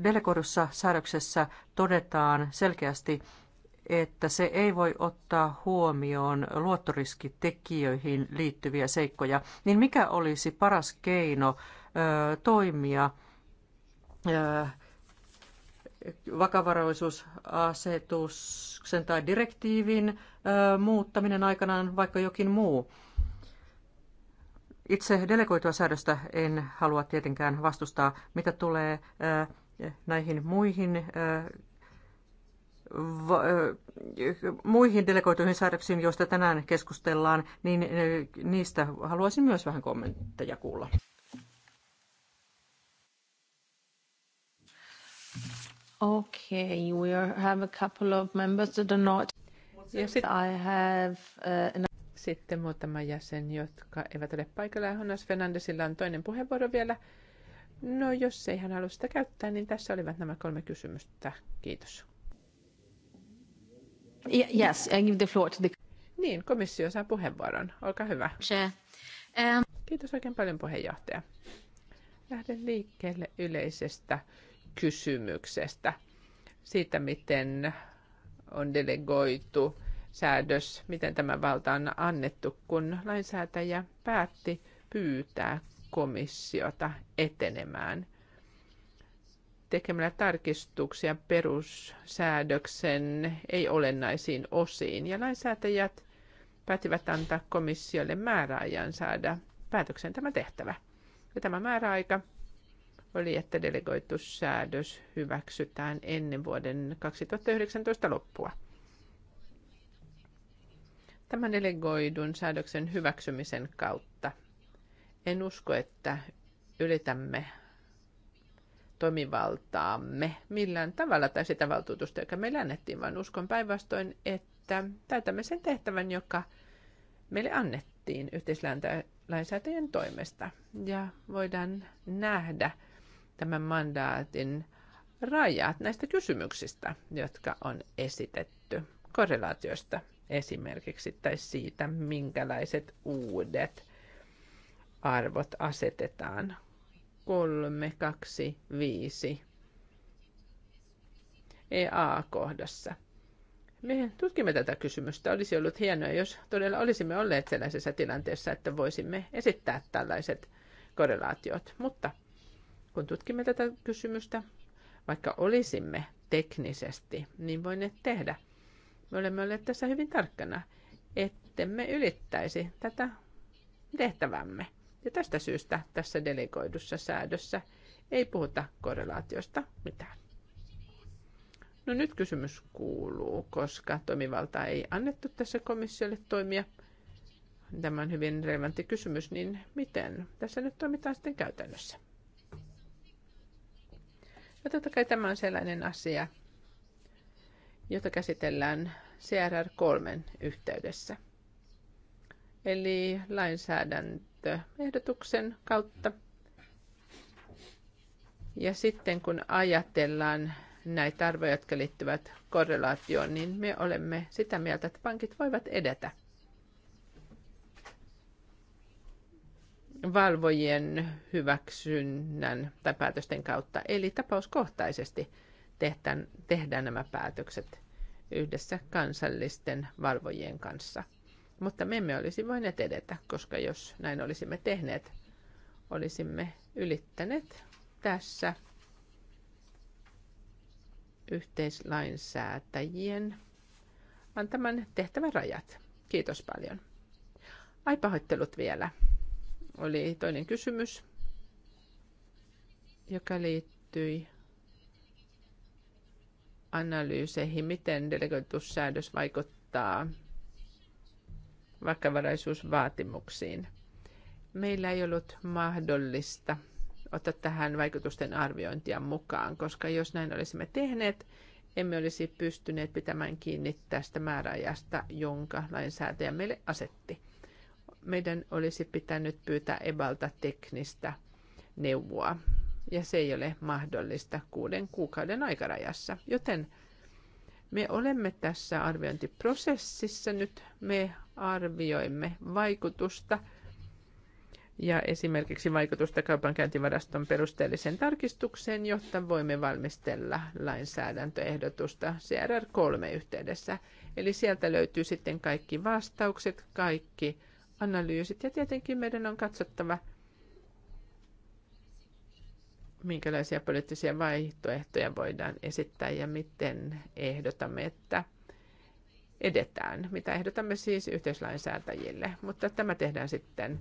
delegoidussa säädöksessä todetaan selkeästi, että se ei voi ottaa huomioon luottoriskitekijöihin liittyviä seikkoja, niin mikä olisi paras keino toimia. Vakavaraisuusasetuksen tai direktiivin muuttaminen aikanaan vaikka jokin muu. Itse delegoitua säädöstä en halua tietenkään vastustaa, mitä tulee näihin muihin muihin delegoituihin säädöksiin, joista tänään keskustellaan, niin niistä haluaisin myös vähän kommentteja kuulla. Okay, we are, have a couple of members that are not. Ja sit- I have, uh, Sitten muutama jäsen, jotka eivät ole paikalla. Jonas Fernandesilla on toinen puheenvuoro vielä. No, jos ei hän halua sitä käyttää, niin tässä olivat nämä kolme kysymystä. Kiitos. Yeah, yes, I give the floor to the... Niin, komissio saa puheenvuoron. Olkaa hyvä. Sure. Um... Kiitos oikein paljon puheenjohtaja. Lähden liikkeelle yleisestä kysymyksestä, siitä miten on delegoitu säädös, miten tämä valta on annettu, kun lainsäätäjä päätti pyytää komissiota etenemään tekemällä tarkistuksia perussäädöksen ei-olennaisiin osiin. Ja lainsäätäjät päättivät antaa komissiolle määräajan saada päätöksen tämä tehtävä. Ja tämä määräaika oli, että delegoitu säädös hyväksytään ennen vuoden 2019 loppua. Tämän delegoidun säädöksen hyväksymisen kautta en usko, että ylitämme toimivaltaamme millään tavalla tai sitä valtuutusta, joka meille annettiin, vaan uskon päinvastoin, että täytämme sen tehtävän, joka meille annettiin yhteislainsäätäjien toimesta. Ja voidaan nähdä, tämän mandaatin rajat näistä kysymyksistä, jotka on esitetty, korrelaatioista esimerkiksi, tai siitä, minkälaiset uudet arvot asetetaan. 3, 2, 5 EA-kohdassa. Me tutkimme tätä kysymystä. Olisi ollut hienoa, jos todella olisimme olleet sellaisessa tilanteessa, että voisimme esittää tällaiset korrelaatiot, mutta kun tutkimme tätä kysymystä, vaikka olisimme teknisesti, niin voineet tehdä. Me olemme olleet tässä hyvin tarkkana, ettemme ylittäisi tätä tehtävämme. Ja tästä syystä tässä delegoidussa säädössä ei puhuta korrelaatiosta mitään. No nyt kysymys kuuluu, koska toimivalta ei annettu tässä komissiolle toimia. Tämä on hyvin relevantti kysymys, niin miten tässä nyt toimitaan sitten käytännössä? Ja totta kai tämä on sellainen asia, jota käsitellään CRR3 yhteydessä. Eli lainsäädäntöehdotuksen kautta. Ja sitten kun ajatellaan näitä arvoja, jotka liittyvät korrelaatioon, niin me olemme sitä mieltä, että pankit voivat edetä valvojien hyväksynnän tai päätösten kautta, eli tapauskohtaisesti tehtään, tehdään nämä päätökset yhdessä kansallisten valvojien kanssa. Mutta me emme olisi voineet edetä, koska jos näin olisimme tehneet, olisimme ylittäneet tässä yhteislainsäätäjien antaman tehtävän rajat. Kiitos paljon. Ai pahoittelut vielä oli toinen kysymys, joka liittyi analyyseihin, miten delegoitussäädös vaikuttaa vakavaraisuusvaatimuksiin. Meillä ei ollut mahdollista ottaa tähän vaikutusten arviointia mukaan, koska jos näin olisimme tehneet, emme olisi pystyneet pitämään kiinni tästä määräajasta, jonka lainsäätäjä meille asetti meidän olisi pitänyt pyytää Ebalta teknistä neuvoa, ja se ei ole mahdollista kuuden kuukauden aikarajassa. Joten me olemme tässä arviointiprosessissa nyt, me arvioimme vaikutusta ja esimerkiksi vaikutusta kaupankäyntivaraston perusteelliseen tarkistukseen, jotta voimme valmistella lainsäädäntöehdotusta CRR3 yhteydessä. Eli sieltä löytyy sitten kaikki vastaukset, kaikki analyysit. Ja tietenkin meidän on katsottava, minkälaisia poliittisia vaihtoehtoja voidaan esittää ja miten ehdotamme, että edetään, mitä ehdotamme siis yhteislainsäätäjille. Mutta tämä tehdään sitten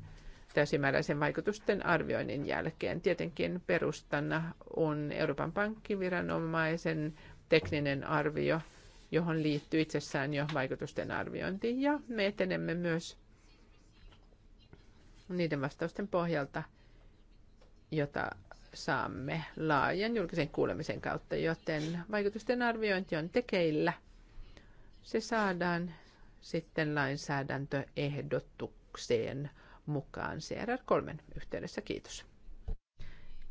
täysimääräisen vaikutusten arvioinnin jälkeen. Tietenkin perustana on Euroopan pankkiviranomaisen tekninen arvio, johon liittyy itsessään jo vaikutusten arviointi. Ja me etenemme myös niiden vastausten pohjalta, jota saamme laajan julkisen kuulemisen kautta, joten vaikutusten arviointi on tekeillä. Se saadaan sitten lainsäädäntöehdotukseen mukaan CRR3 yhteydessä. Kiitos.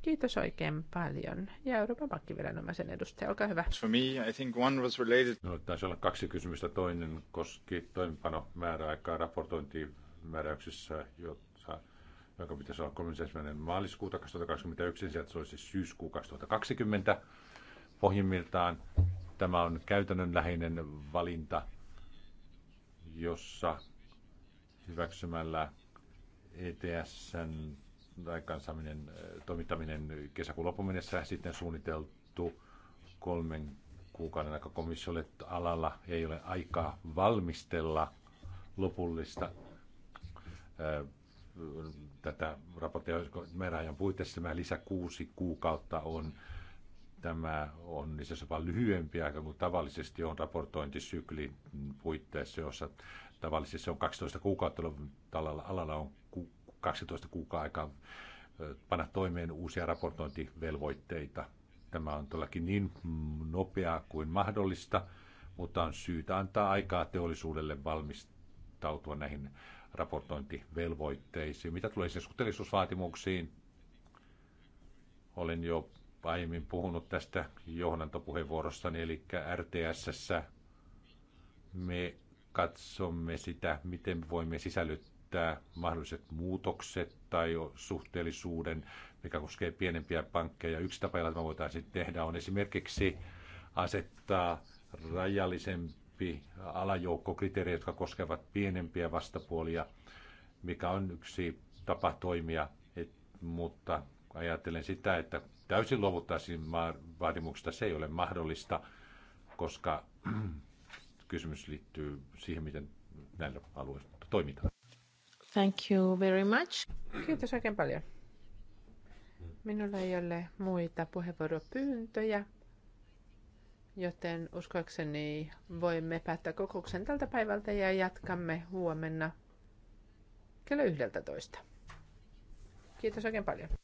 Kiitos oikein paljon. Ja Euroopan pankkiviranomaisen edustaja, olkaa hyvä. For me, I think one was related... No, taisi olla kaksi kysymystä. Toinen koski toimipano määräaikaa raportointimääräyksissä, jota joka pitäisi olla 31. maaliskuuta 2021, sieltä se olisi syyskuu 2020. Pohjimmiltaan tämä on käytännönläheinen valinta, jossa hyväksymällä ETSn aikaansaaminen, toimittaminen kesäkuun loppuun mennessä sitten suunniteltu kolmen kuukauden aika komissiolle alalla ei ole aikaa valmistella lopullista tätä raporttia määräajan puitteissa. Tämä lisä kuusi kuukautta on tämä on niin se vain lyhyempi aika kuin tavallisesti on raportointisykli puitteissa, jossa tavallisesti se on 12 kuukautta, tällä alalla on 12 kuukauden aikaa panna toimeen uusia raportointivelvoitteita. Tämä on todellakin niin nopeaa kuin mahdollista, mutta on syytä antaa aikaa teollisuudelle valmistautua näihin raportointivelvoitteisiin. Mitä tulee siis suhteellisuusvaatimuksiin, olen jo aiemmin puhunut tästä johdantopuheenvuorossani, eli RTS:ssä me katsomme sitä, miten voimme sisällyttää selvittää mahdolliset muutokset tai suhteellisuuden, mikä koskee pienempiä pankkeja, yksi tapa, jolla tämä voitaisiin tehdä, on esimerkiksi asettaa rajallisempi alajoukko kriteerejä, jotka koskevat pienempiä vastapuolia, mikä on yksi tapa toimia, et, mutta ajattelen sitä, että täysin luovuttaisiin vaatimuksesta, se ei ole mahdollista, koska kysymys liittyy siihen, miten näillä alueilla toimitaan. Thank you very much. Kiitos oikein paljon. Minulla ei ole muita puheenvuoropyyntöjä, joten uskoakseni voimme päättää kokouksen tältä päivältä ja jatkamme huomenna kello 11. Kiitos oikein paljon.